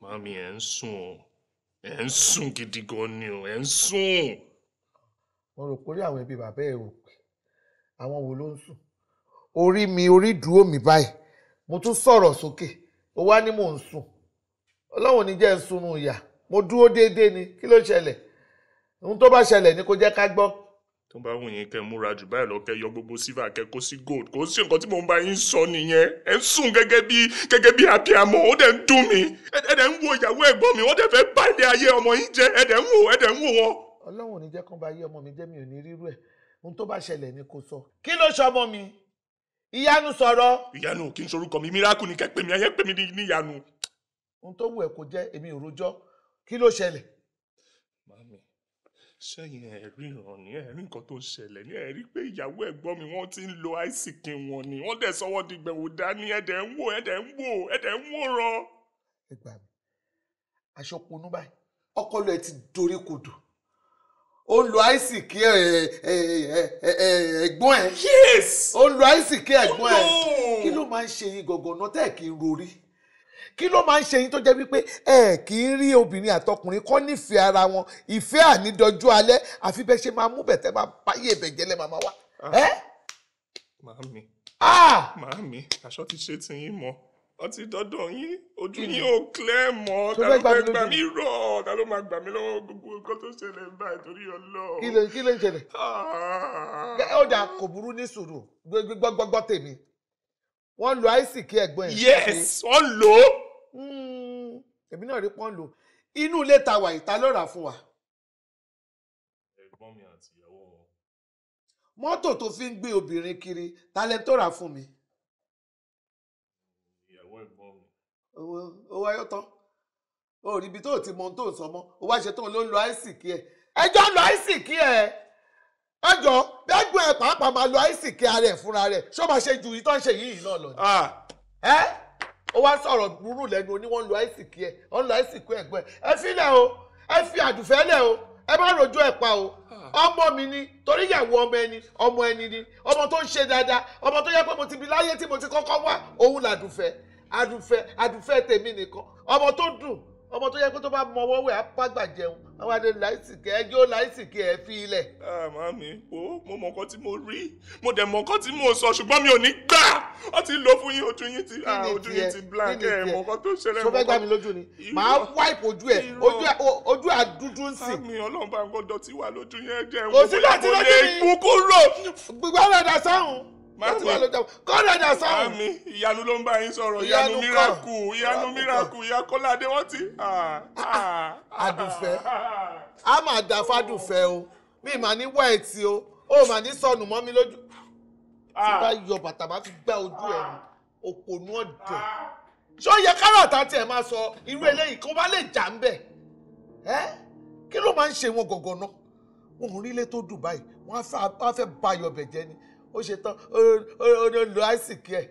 màámi ẹ̀ ń sùn o ẹ̀ ń sùn gidi gan ni o ẹ̀ ń sùn. mo rò pé orí àwọn ẹbí bàbá ẹ ò pé àwọn wo ló ń sùn orí mi orí dúró mi báyìí mo tún sọ̀rọ̀ sókè. Okay ó wá ní mò ń sùn ọlọ́run ní jẹ́ ń sunu ìyà mo dúró déédéé ni kí ló ṣẹlẹ̀ ohun tó bá ṣẹlẹ̀ ni kò jẹ́ ká gbọ́. tó bá wù yín kẹ́ múra jù báyìí lọ kẹ́ yọ gbogbo sífà kẹ́ kó sí gold kò sí nǹkan tí mò ń bá yín sọ nìyẹn ẹ ń sùn gẹ́gẹ́ bí gẹ́gẹ́ bí àbíamọ ó dẹ̀ ń dùn mí ẹ dẹ̀ ń wo ìyàwó ẹ̀gbọ́n mi wọ́n dẹ̀ fẹ́ bá ayé ọmọ yín jẹ́ ẹ dẹ̀ ń wò ẹ dẹ̀ ń wò wọn. ọlọ́run ò ní jẹ́ kán bá ayé ọmọ mi jẹ́ mi ò ní rírú ẹ̀ ohun tó bá ṣẹlẹ̀ ni kò sọ kí ló ṣọmọ mi ìyanu sọ̀rọ̀. ìyanu kì í sorúkọ mi miracle ni kẹ́pẹ́ mi ayé pè mí ní ìyanu. ohun tó wù ẹ kó jẹ́ èmi ò rojọ́ kí ló ṣẹlẹ̀. màmí sẹ́yìn ẹ̀rí ràn ní ẹ̀rí nǹkan tó ṣẹlẹ̀ ní ẹ̀rí pé ìyàwó ẹ̀gbọ́n mi wọ́n ti ń lo àìsìkì wọn ni wọ́n dẹ̀ sọ́wọ́ di gbẹ̀wò dání ẹ̀dẹ̀ ń wò ẹ̀dẹ̀ ń wò ẹ̀dẹ̀ ń wò rọ. ẹ gbà mí aṣọ ponú báyìí ọkọ lọ ẹ ti dorí kodò ó ń lo àìsìkí ẹ̀gbọ́n ẹ̀. yes. ó ń lo àìsìkí ẹ̀gbọ́n ẹ̀. Oh, kí ló máa ń ṣe yín gọ̀gàn náà tẹ́ ẹ̀ kí n rorí kí ló máa ń ṣe yín tó jẹ́ wípé ẹ kì í rí obìnrin àtọkùnrin kọ́ nífẹ̀ẹ́ ara wọn ìfẹ́ ànídọ́jú alẹ́ àfi bẹ́ẹ̀ ṣe máa mú bẹ̀tẹ́ máa báyé ìbẹ̀jẹ̀lẹ̀ màmá wa. màámi ah! màámi aṣọ ti ṣe tiyín mọ́ ọtí dọ́dọ̀ yín ojú yín ò clear mọ́ ta ló fẹ́ gbà mí rọ̀ ta ló máa gbà mí lọ́wọ́ gbogbo nǹkan tó ṣẹlẹ̀ báyìí torí Ọlọ́run. kí ló kí ló ṣẹlẹ̀. ó ah. dà kò burú ní sùúrù gbọ́gbọ́gbọ́ tèmi wọ́n lo isaac ẹ̀gbọ́n ẹ̀. yes wọ́n lò ó. Hmm. èmi náà rí pọ́n lò inú ilé ta wà ìta ló fún wa. ẹ̀gbọ́n mi àti ìyàwó wọn. mọ́tò tó fi ń gbé obìnrin kiri ta lẹ tó rà fún mi. ó wáyọ́ tán ó rí ibi tó ti mọ ohun tó ń sọ mọ́ ó wá ṣe tán ló ń lo àìsìkí ẹ̀ ẹjọ́ lo àìsìkí ẹ̀ ẹjọ́ bẹ́gbọ́n ẹ̀ pàápàá máa lo àìsìkí ara ẹ̀ fúnra rẹ̀ ṣó máa ṣe ju yìí tó ń ṣe yìí náà lọ ni. Ah. ẹ ó wá sọ̀rọ̀ burú lẹ́nu oní wọ́n lo àìsìkí ẹ̀ wọ́n lo àìsìkí ẹ̀gbọ́n ẹ̀ fílẹ̀ o ẹ fi àdùfẹ́ lẹ̀ o ẹ má rojú ẹ pa o ah. ọmọ mi ni torí ìyàwó ọmọ ẹni ọmọ ẹni ni ọmọ tó ń ṣe dáadáa ọmọ tó yẹ pé mo ti bi láyé tí mo ti kọ́kọ́ wá òun làdùfẹ́ adùnfẹ́ adùnfẹ́ tèmi nìkan ọmọ tó dùn ọmọ tó yẹ kó tó bá mọ ọwọ́ wẹ̀ apágbà jẹun àwọn adé láìsìkì ẹjọ́ láìsìkì ẹ fi ilẹ̀. màmí o mo mọ nǹkan tí mo rí mo dẹ̀ mọ nǹkan tí mo sọ ṣùgbọ́n mi ò ní gbà ó ti lọ fún yín ojú yín ti ojú yín ti blank ẹ mọ nǹkan tó ṣẹlẹ̀ mọ́. sọfẹ́ gbà mí lójú ni màá wáìpù ojú ẹ ojú ẹ dúdú ń sìn. àmì ọlọ́run bá ń gbọ́dọ̀ tí wà lójú yẹn jẹ́ wọ́n kò lè kú kúrò. gbígbá rẹ̀ dà sáhùn láti wá lójà kọ́ra ẹ̀dà sáwọn. àmì ìyanu ló ń bá yín sọ̀rọ̀ ìyanu miraku ìyanu miraku ìyakọ́ládé wọ́n ti. àdùfẹ́ ah, ah. a máa dà fàdùfẹ́ o mi mà ní wẹ́ẹ̀tì o ó mà ní sọnù mọ́ mi lójú. tí bá ah. yọ bàtà máa fi gbá ojú ẹ̀ ní òpònú ọ̀dẹ̀. ṣó yẹ káràtà tiẹ̀ máa sọ irú eléyìí kó bá lè jà ń bẹ̀ ẹ́ kí ló máa ń ṣe wọn gọ̀gọ̀ náà wọn ò rí ilé tó Dubai wọn á fẹ́ bayọ̀ bẹ̀jẹ̀ ni ó ṣe tán ó lo àìsíkì ẹ̀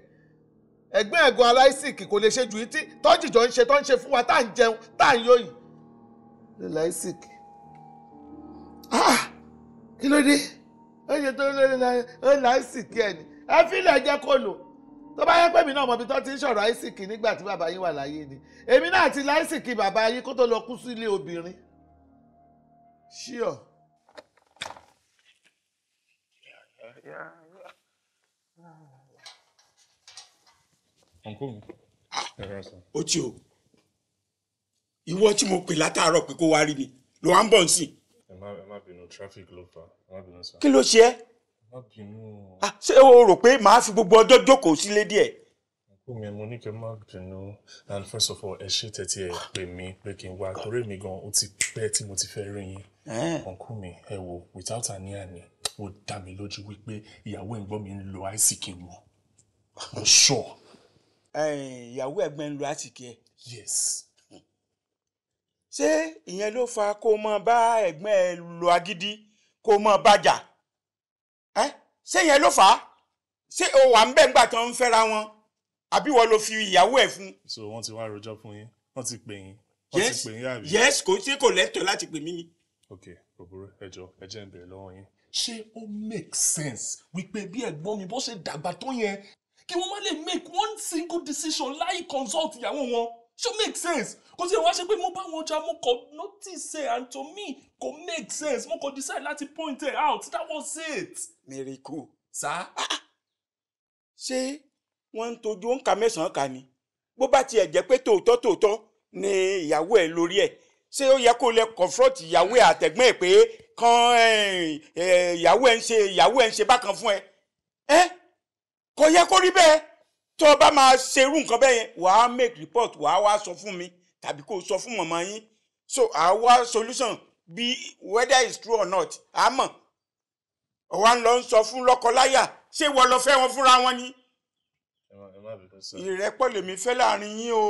ẹ̀gbọ́n ẹ̀gbọ́n aláìsíkì kò lè ṣe ju ìtí tọ́jìjọ ń ṣe tó ń ṣe fún wa tá à ń jẹun tá à ń yọ yìí lè láìsíkì ah, kí ló dé ó ṣe tó lè láìsíkì ẹ̀ ni ẹ fi ilẹ̀ jẹ́ kó lò tó bá yẹ pé mi náà mọ̀ bí tó ti ń sọ̀rọ̀ àìsíkì nígbà tí bàbá yín wà láyé ni èmi náà ti láìsíkì bàbá yín kó tó lọ kú sílé obìnrin ṣíọ. yeah, yeah. ọ̀nkú mi. ó ti o ìwọ tí mo pè látàárọ̀ pé kó wá rí mi ló wá ń bọ̀ nsìn. ẹ má ẹ má bínú traffic ló fà ẹ má bínú sá. kí ló ṣe ẹ́. ẹ má bínú. ṣé o rò pé màá fi gbogbo ọjọ́ jókòó sílé díẹ̀ omi ẹ̀ mo ní kí n má bínú and first of all ẹ ṣe tẹ̀tí ẹ pè mí pé kí n wá torí mi gan ó ti pẹ́ tí mo ti fẹ́ rí yín ọ̀nkú mi ẹ wò without any any ó dá mi lójú wípé ìyàwó ẹ̀gbọ́n mi ń lo àìsíkì wò I'm sure ìyàwó ẹ̀gbọ́n ń lo àtìkí ẹ̀. yes. ṣé ìyẹn ló fa kó mọ bá ẹ̀gbọ́n ẹ lo agídí kó mọ bàjà ẹ ṣé ìyẹn ló fà á ṣé o wà ń bẹ̀ ńgbà tó ń fẹ́ra wọn àbí wọ́n lo fi ìyàwó ẹ̀ fún. so wọ́n ti wá rojọ́ fún yín wọ́n ti pè yín wọ́n ti pè yín àbí. yes kò sí kò lẹ́tọ̀ọ́ láti pè mí ni. ok òbúrò ẹjọ ẹjẹ ń bèrè lọ́wọ́ yín ṣé ó make sense wípé bí ẹ̀gbọ́n mi bó ṣe dàgbà tó yẹn kí wọ́n má lè make one single decision láì consult ìyàwó wọn ṣó make sense kò sí ìwà ṣe pé mo bá wọn jà mo kàn notice ẹ and to me kò make sense mo kàn decide láti point ẹ out that was it. miracle. sá. ṣé wọ́n ń tọ́jú òǹkà mẹ́sàn-án kà ni bó bá tiẹ̀ jẹ́ pé tòótọ́ tòótọ́ ni ìyàwó ẹ̀ lórí ẹ̀ ṣé ó yẹ kó lè confront ìyàwó ẹ̀ àtẹ̀gbọ́n ẹ̀ pé kan ìyàwó ẹ̀ ń ṣe ìyàwó ẹ̀ ń ṣe bákan fún ẹ. ẹ́ kò yẹ kó rí bẹ́ẹ̀ tó o bá máa ṣerú nǹkan bẹ́ẹ̀ yẹn wà á make report wà á wá sọ fún mi tàbí kó o sọ fún mọ̀mọ́ yín so à á wá solution bí whether it's true or not à á mọ̀ ọ̀wá ń lọ ń sọ fún lọ́kọláyà ṣé wọ́n lọ fẹ́ wọn fúnra wọn ni ìrẹ́pọ̀ lèmi fẹ́ láàrin yín o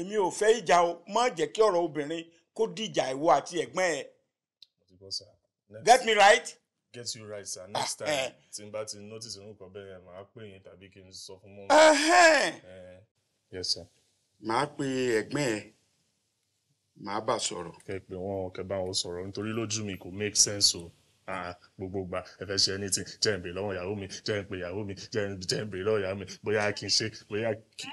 èmi ò fẹ́ ìjà o má jẹ́ kí ọ̀rọ̀ obìnrin kó dìjà ìwọ àti ẹ̀gbọ́n ẹ̀ get me right get you right sir next eh, time eh. tí n bá ti notice irun kan bẹ́ẹ̀ màá pè yín tàbí kí n sọ fún mọ́. Eh, yes sir. pe ẹ̀gbọ́n ẹ̀ màá bá sọ̀rọ̀. kẹ pé wọn kẹ bá wọn sọ̀rọ̀ nítorí lójú mi kò make sense o gbogbo gba ẹ fẹ́ ṣe anything jẹ́ n bèrè lọ́wọ́ ìyàwó mi jẹ́ n pè ìyàwó mi jẹ́ n bèrè lọ́wọ́ ìyàwó mi bóyá kí n ṣe bóyá kí.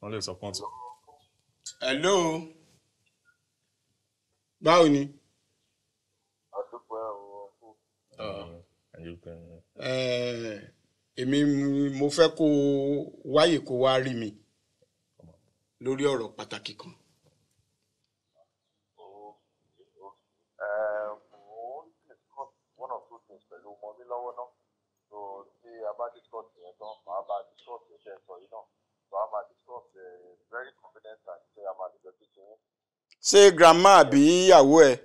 wọ́n lè sọ pọ́ǹtì. hello? báwo ni. àdúgbò ẹ ò ọkọ. èmi mo fẹ́ kó wáyè kó wá rí mi lórí ọ̀rọ̀ pàtàkì kan. Oh, oh, eh, bá discuss yẹn tán màá bá discuss yẹn tẹ̀ sọ yìí náà so a máa discuss eh, very confident and ṣe a máa discuss ṣé grandma àbí ìyàwó ẹ.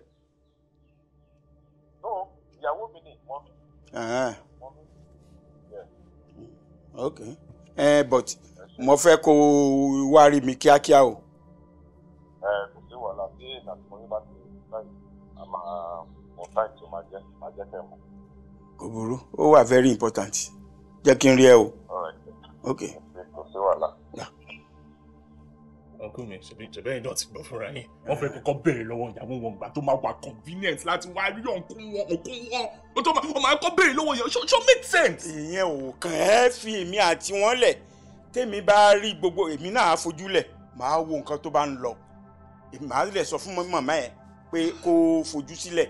no ìyàwó mi ni mọ́mí. mọ́mí. ok eh, but mo fẹ́ kó o wá rí mi kíákíá o. ẹ kò sí wàhálà bí èèyàn àti mọ́mí bá ti báyìí a máa mọ táyì tó máa jẹ́ máa jẹ́ kẹ́ mọ́. kò burú ó wà very important jẹ́ kí n rí ẹ o. ok. okay. pè mí ṣe bẹ́ẹ̀ náà ti gbọ́ fúnra yín wọ́n fẹ́ kọ́kọ́ béèrè lọ́wọ́ ìyàwó wọn gbà tó máa wà convenient láti wá rí ọ̀nkún wọn ọ̀nkún wọn ó tó máa kọ́ béèrè lọ́wọ́ yẹn ṣó make sense. ìyẹn ò kàn ẹ́ fi èmi àti wọn lẹ̀ tèmi bá rí gbogbo èmi náà fojú lẹ̀ máa wo nǹkan tó bá ń lọ màá lè sọ fún màmá ẹ pé kó fojú sílẹ̀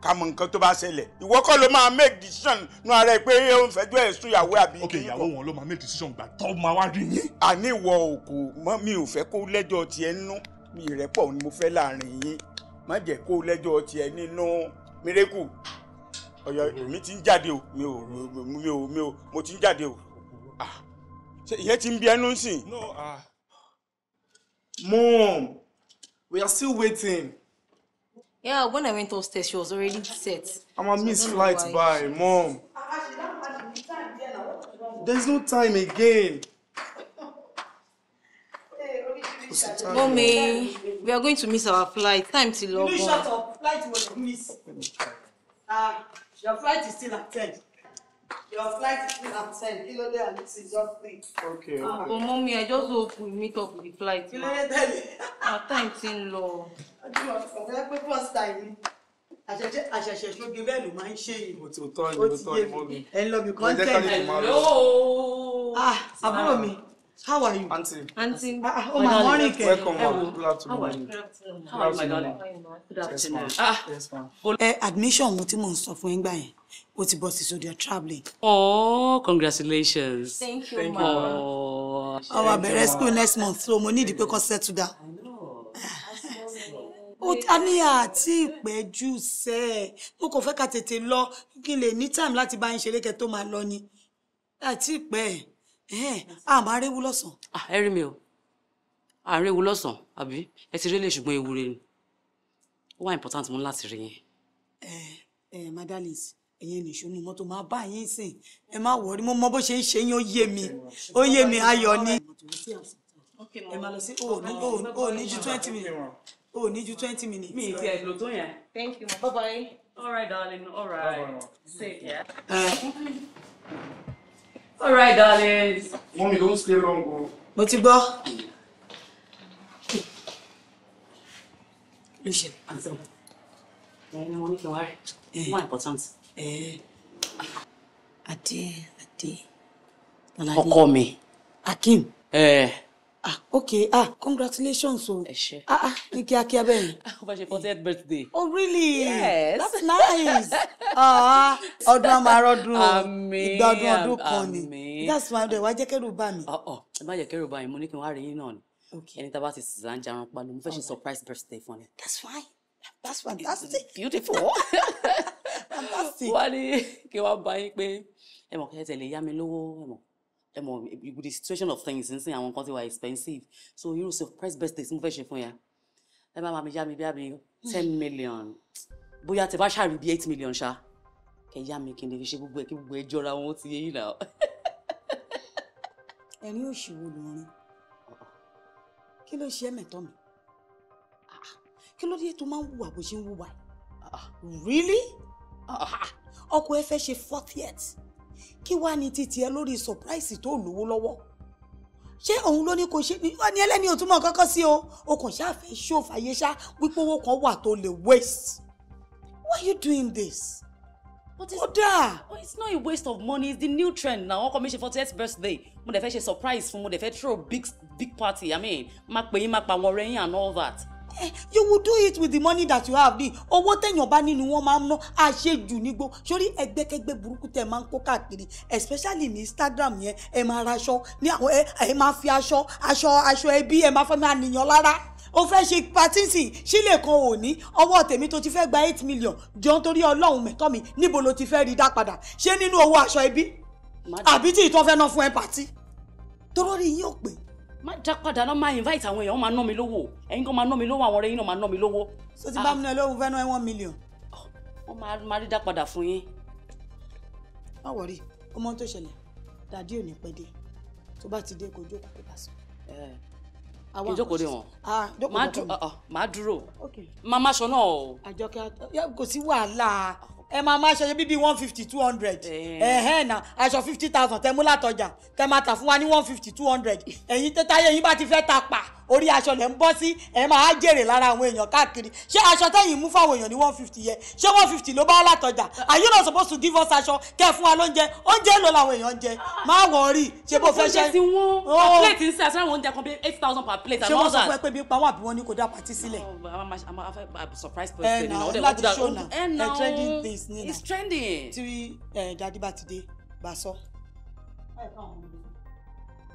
ká mọ nǹkan tó bá ṣẹlẹ̀ ìwọ kọ́ ló máa make decision nu ara ẹ pé ó ń fẹjọ́ ẹ̀ sún ìyàwó àbí. ok ìyàwó wọn ló máa make decision gbà tó máa wá rí yín. àní ìwọ òkú mọ mi ò fẹ́ kó lẹ́jọ́ tiẹ̀ nínú mi ìrẹ́pọ̀ ni mo fẹ́ láàrin yín má jẹ́ kó lẹ́jọ́ tiẹ̀ nínú mírẹ́kù ọ̀yọ́ mi ti ń jáde o mi ò mi ò mi ò mo ti ń jáde o ah, ìyẹn ti ń bí ẹnu sìn. no ah. mom we are still waiting. Yeah, when I went upstairs, she was already set. I'm a so miss flight by mom. There's no time again. Mommy, we are going to miss our flight. Time till love. You shut up. Flight was missed. Ah, uh, your flight is still at 10. Your flight is still at 10. Kí there and this is just 3. Okay, ah, okay. But mommy, I just hope we meet up with the flight. Kí ló dé tẹ́lẹ̀? Our ah, time ti ń lọ. Ọjọ́ ọ̀gbẹ́ pé first time ni. Àṣẹ̀ṣẹ̀ tó gbé bẹ́ẹ̀ ló máa ń ṣe yìí. Ó ti tọ́ ni, ó tọ́ ni mọ́mi. Ẹ lọ bí kọ́ńtẹ́ẹ̀tì. Ẹ lọ. Ah, àbúrò mi. How are you? Auntie. Auntie. Ah, ah, oh, my morning. Welcome, ma'am. Good afternoon. How are you, my darling? Good afternoon. yes, ma'am. Ah. Eh, admission mo tí mo ń sọ fún yín gbà yẹn. Ó ti so they are traveling. Oh, congratulations. Thank you, Thank ma. Oh, our bẹ̀rẹ̀ school next month so money need pé kó settle down. I know. Ó ta ní àti ìpẹ́jù sẹ́. Mo kò fẹ́ ká tètè lọ kí n lè time lati bá yín ṣeré kẹ́ tó máa ni. Àti ìpẹ́ a máa réwu lọ́sàn. ẹ rí mi o à ń réwu lọ́sàn àbí ẹ ti rélé ṣùgbọ́n ewu rẹ ni ó wà important mú láti rí yẹn. ẹ ẹ madalis ẹ̀yin nìṣó ni mọ́tò máa bá yín sìn ẹ má wọrí mo mọ bó ṣe ń ṣe yín ó yé mi ó yé mi ayọ̀ ni. ẹ máa lọ sí o ní ju twenty minutes o ní ju twenty minutes. mi ti ẹ̀ lò tó yẹn. thank you bye bye. all right darling all right. Bye -bye. safe yeah. Uh, All right, darlings. Mommy, don't stay long. Bro. What you gbọ́. Lucien, answer. Ẹni mo ní kí n wá rẹ̀. Eh. More important. Eh. Adé, Adé. Ọkọ mi. Akim. Eh ah okay ah congratulations o ẹ ah ah ní kíákíá bẹ́ẹ̀ ni. ó bá ṣe fortieth birthday. oh really yes that's nice ah, ah ọdún amárọdún ìgbà ọdún ọdún kan ni that's why ọdún ẹwà jẹkẹrù bá mi. ọ ọ ẹ má jẹkẹrù bá mi mo ní kí n wá rí yín náà ni ẹni tá a bá ti sìlá ń jarun pa ni mo fẹ́ ṣe surprise birthday fún ẹ. that's fine that's fantastic. beautiful. fantastic. wọ́n á ní kí wọ́n bá yín pé ẹ̀mọ̀ kẹ́tẹ̀ lè yá mi lówó ẹ̀mọ̀ ẹ with the situation of things nsìn àwọn nǹkan ti wà expensive so irú surprise birthday tí mo fẹ́ ṣe fún yẹn ẹ bá máa mi yá mi bí i ten million bóyá tẹ bá ṣàrí bí eight million ṣá kẹ yá mi kí n lè fi ṣe gbogbo ẹ kí gbogbo ẹ jọra wọn ó ti yé yìí náà. ẹ̀rín òṣìwò lórin kí ló ṣe é mẹ́tọ́ mi kí ló dé tó máa ń wùwà bó ṣe ń wùwà ah, ah. really ah, ọkọ ẹ fẹ́ ṣe fortieth kí wàá ní títí ẹ lórí surprise tó lówó lọ́wọ́ ṣé òun ló ní kò ṣe wà ní ẹlẹ́ni ò túmọ̀ kọ́kọ́ sí o o kàn ṣáà fẹ́ ṣòfò àyè ṣá wípé owó kan wà tó lè waste why are you doing this? kódà. Oh, it's not a waste of money it's the new trend na wọn kọ mi ṣe fortieth birthday mo dẹ̀ fẹ́ ṣe surprise fún mo dẹ̀ fẹ́ throw big big party i mean máa pè yín máa pa àwọn ọ̀rẹ́ yín and all that. Eh, you will do it with the money that you have ní owó tẹ̀yàn bá nínú wọn máa ń ná àṣejù nígbó sórí ẹgbẹ́kẹgbẹ́ burúkú tẹ̀ máa ń kó káàkiri especially ní Instagram yẹn ẹ máa raṣọ ní àwọn ẹ máa fi aṣọ aṣọ aṣọ ẹbí ẹ máa fẹ́ máa nìyàn lára o fẹ́ ṣe patíǹsì sílẹ̀ kan ò ní ọwọ́ tèmi tó ti fẹ́ gba eight million jọ nítorí ọlọ́run mẹ́tọ́ mi níbo lo ti fẹ́ rí dá padà ṣé nínú owó aṣọ ẹbí àbí tí ìtọ́ fẹ́ ná fún ẹ pàtí torọ́ yín ò pé má já padà lọ́ máa invite àwọn èèyàn máa ná mi lówó ẹ̀yin kan máa ná mi lówó àwọn ọ̀rẹ́ yín náà máa ná mi lówó. so ti bá mi náà lóhùn fẹ́ ná ẹ one million. Ah, wọ́n máa máa rí dá padà fún yín. má wọrí ọmọ tó ṣẹlẹ̀ dàdí ò ní pẹ́ dé tó bá ti dé kó jókòó kó bá sùn. Eh. kí jókòó dé wọn ah, máa dúró máa máṣọ náà o. àjọkẹ́ kò sí wàhálà ah ẹ máa máa ṣe bíbí one fifty two hundred eh. ẹ̀hẹ́n na aṣọ fifty thousand tẹ́ mú látọjà tẹ́ máa tà fún wa ní one fifty two hundred ẹ̀yin tẹ́tayé yín bá ti fẹ́ ta pa orí aṣọ lẹ̀ ń bọ́ sí ẹ̀ máa jèrè lára àwọn èèyàn káàkiri ṣé aṣọ tẹ̀yìn mú fáwọn èèyàn ní one fifty yẹ ṣé one fifty ló bá látọjà are you not supposed to give us aṣọ kẹ́ ẹ fún wa lóúnjẹ oúnjẹ èlò làwọn èèyàn ń jẹ má wọrí ṣe bó fẹ́ ṣe. ṣé plate eight thousand per plate and all that. wọ́n sọ fún ẹ pé bí pa àbí wọ́n ní kò dá pàtí sílẹ̀. Oh, ẹ náà láti ṣó náà ẹ trending things ní náà tí dadi bá ti dé bá sọ.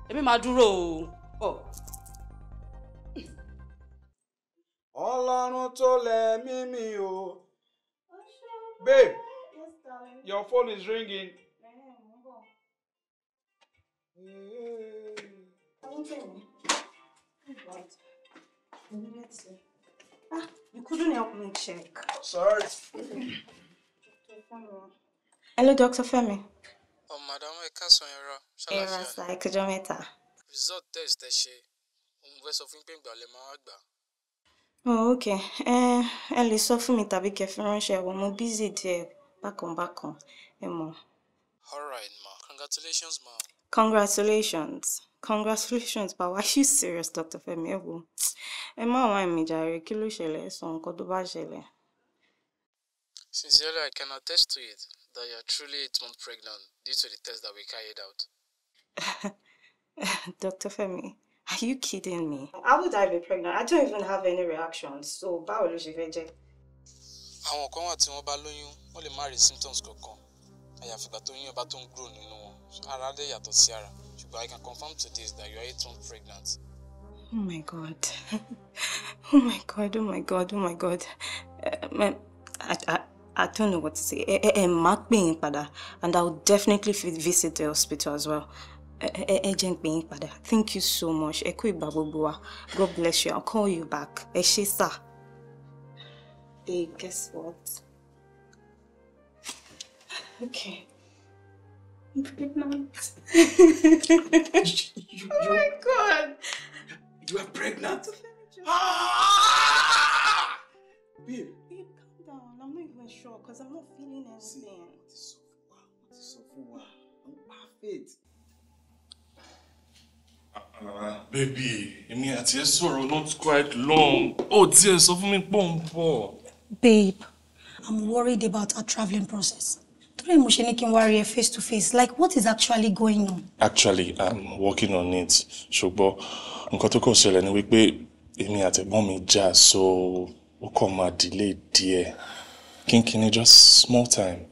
èmi máa dúró o. Oh. Ọlọ́run tó lẹ̀ mímí o. Babe, your phone is ringing. Oh, ah, you couldn't help me check. Sorry. Hello, Doctor Femi. Oh, madam, ẹ káàsán ẹ̀rọ. Ẹ̀rọ ṣáà, ẹ̀kẹjọ mẹ́ta. Result test ẹ ṣe, òun fẹ́ sọ fún pé ìgbà lè máa Oh, okay. Ẹ eh, Ẹ lè sọ fún mi tàbí kẹ́ fi ránṣẹ́ ẹ̀wọ̀ mo busy díẹ̀ bákan ẹ mọ̀. All ma, congratulations ma. Congratulations. Congratulations, but why are you serious, Dr. Femi? Ẹ wo, ẹ má wá mi jàre, kí ló ṣẹlẹ̀? Ẹ sọ nǹkan tó bá ṣẹlẹ̀. Sincerely, I can attest to it that you are truly eight months pregnant due to the test that we carried out. Dr. Femi, Are you kidding me? How would I be pregnant? I don't even have any reactions. So báwo ló ṣe fẹ́ jẹ́? Àwọn kan wà tí wọ́n bá lóyún, wọ́n lè má rí symptoms kankan. Àyàfi ìgbà tó yún ọba tó ń grow nínú wọn. Ara dẹ̀ yàtọ̀ sí ara. Ṣùgbọ́n I can confirm today that you are eight months pregnant. Oh my God. oh my God, oh my God, oh my God. Eh, I, I, I don't know what to say. Ẹ ẹ máa pè yín padà and I will definitely visit the hospital as well. ẹ jẹ́ ń pè thank you so much god bless you i'll call you back ẹ ṣé hey guess what okay pregnant. you, you, oh my god. you are pregnant. ah! babe. babe calm down i'm not even sure because i'm not feeling anything. See, what is so fun wa what is so fun i'm perfect. baby, èmi àti ẹ sọ̀rọ̀ not quite long. Ó tiẹ̀ sọ fún mi pọ̀ ń Babe, I'm worried about our traveling process. Torí mo ṣe ní kí n wá face to face, like what is actually going on? Actually, I'm working on it. Ṣùgbọ́n nǹkan tó kàn ṣẹlẹ̀ ni wípé èmi àtẹ̀gbọ́n mi jà so ó kàn máa delay díẹ̀. Kínkínní just small time.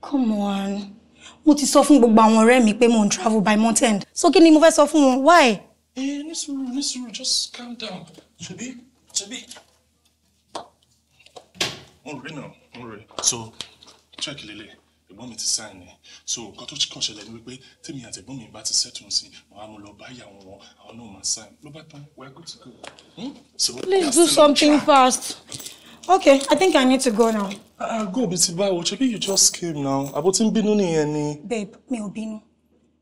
Come on mo ti sọ fún gbogbo àwọn ọ̀rẹ́ mi pé mo ń travel by mountain so kí ni mo fẹ́ sọ fún wọn why. ẹ ní sùúrù ní sùúrù just calm down ṣebí ṣebí n rè náà n rè so check lele ẹ̀gbọ́n mi ti sign ẹ so nǹkan tó kàn ṣẹlẹ̀ ni wípé tèmi àti ẹ̀gbọ́n mi bá ti settle sí màá mo lọ bá ìyàwó wọn àwọn náà máa sign ló bá tán we are good hmm? please do something fast. Okay, I think I need to go now. Uh, go, Bísí báwo, you just came now. Àbó tí ń bínú nìyẹn ni. Babe, mi ò bínú.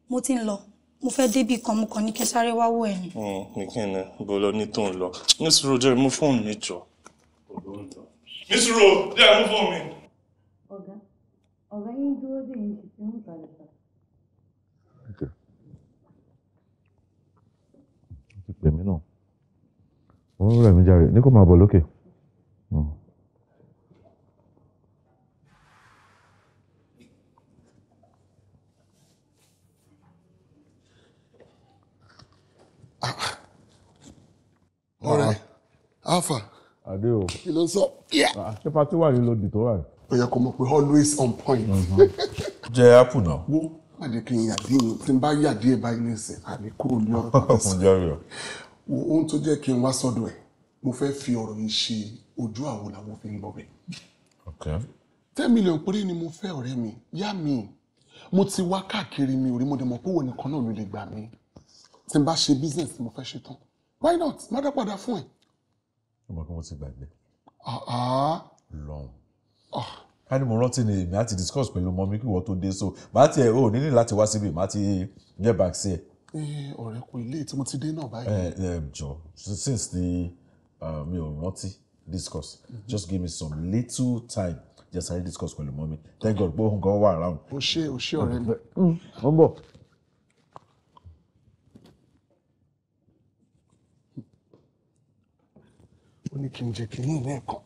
Mo ti ń lọ. Mo fẹ́ débi kan mo kàn ní kí sáré wá wò ẹ̀ ni. Nìkan hmm, ni bó lọ ní tó ń lọ. Nísìrò jẹ́ mú fóònù mi jọ. Nísìrò jẹ́ mú fóònù mi. Ọ̀gá, ọ̀gá yín dúró dè Okay. Okay. ń kàlẹ̀ kà. Ó ti pè mí náà. Ó ń rẹ̀ mí járe, ní kò máa bọ̀ lókè. Okay. ọ̀rẹ́ alpha adé o kí ló sọ. Ah, pépà tí wà nílò dì tó wà. ó yẹ kó mọ̀ pé always on point. Mm-hmm. jẹ apple náà. wo pàdé kí n yàdí yẹn tí n bá yàdí ẹ báyìí nísìn àbí kúrò ní ọ̀rọ̀ pàtàkì. wo ohun tó jẹ́ kí n wá sọ́dọ̀ ẹ̀ mo fẹ́ fi ọ̀rọ̀ yìí ṣe ojú àwo làwọn fi ń bọ̀ bẹ́ẹ̀. ten million péré ni mo fẹ́ ọ̀rẹ́ mi yá mi mo ti wá káàkiri mi ò rí mo dẹ̀ mọ̀ pé òun nìkan náà ló lè gbà mí tí n bá ṣe business mo fẹ́ ṣe tán why not má dá padà fún ẹ. ọmọ kí wọ́n ti gbàgbé. lọ́hùn. Ah. ká ní mo rántí ni èmi àti discuss pẹ̀lú ọmọ mi kí wọ́n tó dé so màá tiẹ̀ o nílì láti wá síbi màá ti get back sí ẹ. ọ̀rẹ́ kò ilé tí mo ti dé náà báyìí. ẹ ẹ jọ since ni mi ò rántí discuss mm-hmm. just give me some little time just sáré discuss pẹ̀lú ọmọ mi thank God pé òun gan wà around. o ṣe o ṣe ọ̀rẹ́ mi. ó ń ó ní kí n jẹ kínní lẹ́ẹ̀kan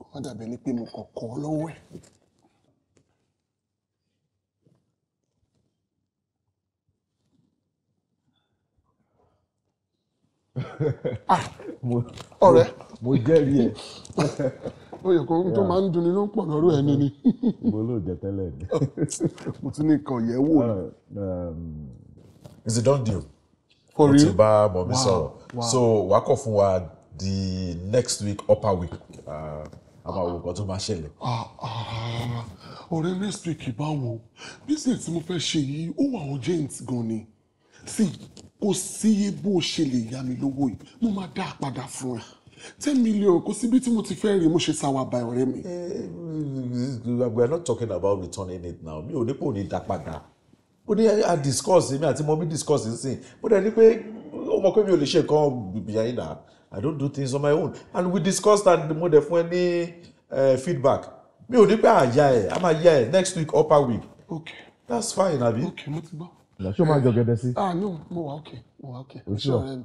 ó má dàbí ẹni pé mo kàn kọ́ lọ́wọ́ ẹ̀. ọ̀rẹ́ mo jẹ́rìí ẹ̀. ó yẹ kó ohun tó máa ń dunni ló ń pọ̀ lọ́rọ̀ ẹni ni. mo ló jẹ tẹ́lẹ̀ ni. mo tún ní nǹkan yẹ̀ wò. Uh, um, it's a done deal. for real o ti bá mọ̀mí so wàá kọ̀ fún wa The next week upper week uh, a máa wo nǹkan tó máa ṣẹlẹ̀. Ah, ah, ọ̀rẹ́ next week báwo business tí mo fẹ́ ṣe yìí ó wà urgent gan ni sí kò síye bó o ṣe lè yá mi lówó yìí mo máa dá a padà fún ẹ ten million kò síbi tí mo ti fẹ́ rí mo ṣe sáwà bá ọ̀rẹ́ mi. Eh, we are not talking about returning it now mi ò ní kò ní dá padà ó ní a discuss èmi àti mọ́mí discuss nsìn bó dẹ̀ ni pé ó mọ̀ pé mi ò lè ṣe nǹkan bìyànjú náà i don't do things on my own and we discuss that mo dẹ̀ fún ẹ ní feedback mi ò ní pẹ́ àyà ah, ẹ̀ a máa yà ẹ̀ next week upper week okay that's fine abi. okay mo ti gbọ́. ṣé o máa jọ gẹ́gẹ́ sí. ah no mo wà okay mo wà okay. o sure eh,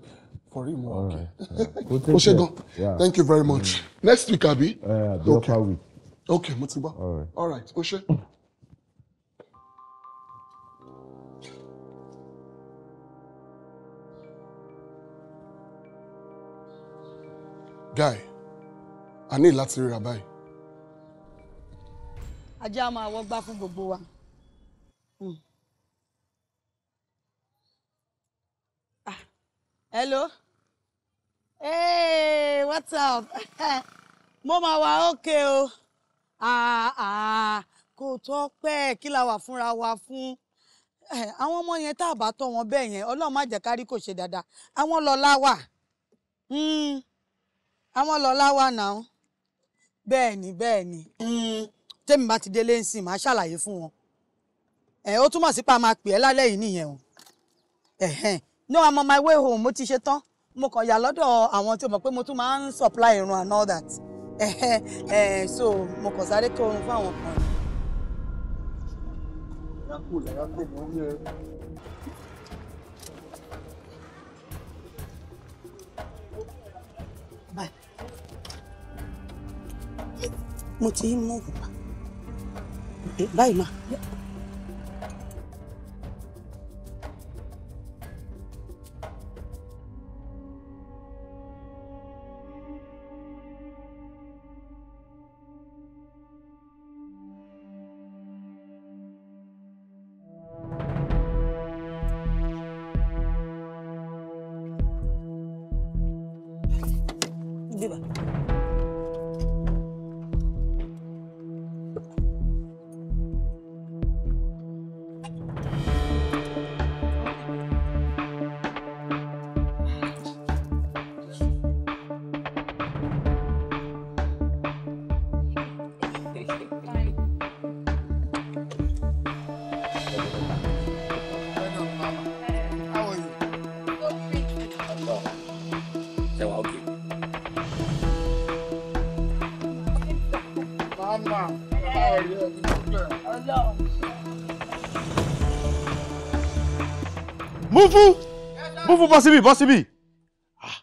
for him mo wà okay. o ṣe gan thank you very much mm. next week abi. Eh, uh, okay okay mo ti gbọ́ all right o ṣe. guy I need láti ríra báyìí. ajá máa wọgbá fún gbogbo wa. Hmm. Ah, hello. Hey, what's up? Mama? máa okay, oh. Ah ah, tó pẹ́ kí la wà fúnra wa fún. Àwọn ọmọ yẹn tá a bá tọ́ wọn bẹ́ẹ̀ yẹn, Ọlọ́run má jẹ́ kárí kò ṣe dáadáa. Àwọn lọ́lá wà. Mm. Amọ́lọ́lá wà náà bẹ́ẹ̀ ni bẹ́ẹ̀ ni hmm, tẹ́mi bá ti délé ń sìn máa ṣàlàyé fún wọn ẹ̀ ó túmọ̀ sí pa máa pè é lálẹ́ yìí nìyẹn o ẹ̀hẹ́n no I'm on my way home mo ti ṣe tán mo kàn yà lọ́dọ̀ àwọn tí o mọ̀ pé mo tún máa ń supply irun and all that ẹ̀hẹ́n ẹ̀hẹ́n so mo kàn sáré tó orun fún àwọn kan. mo ti ń mú òwúwa báyìí mà. fún bọ́ síbí bọ́ síbí ah.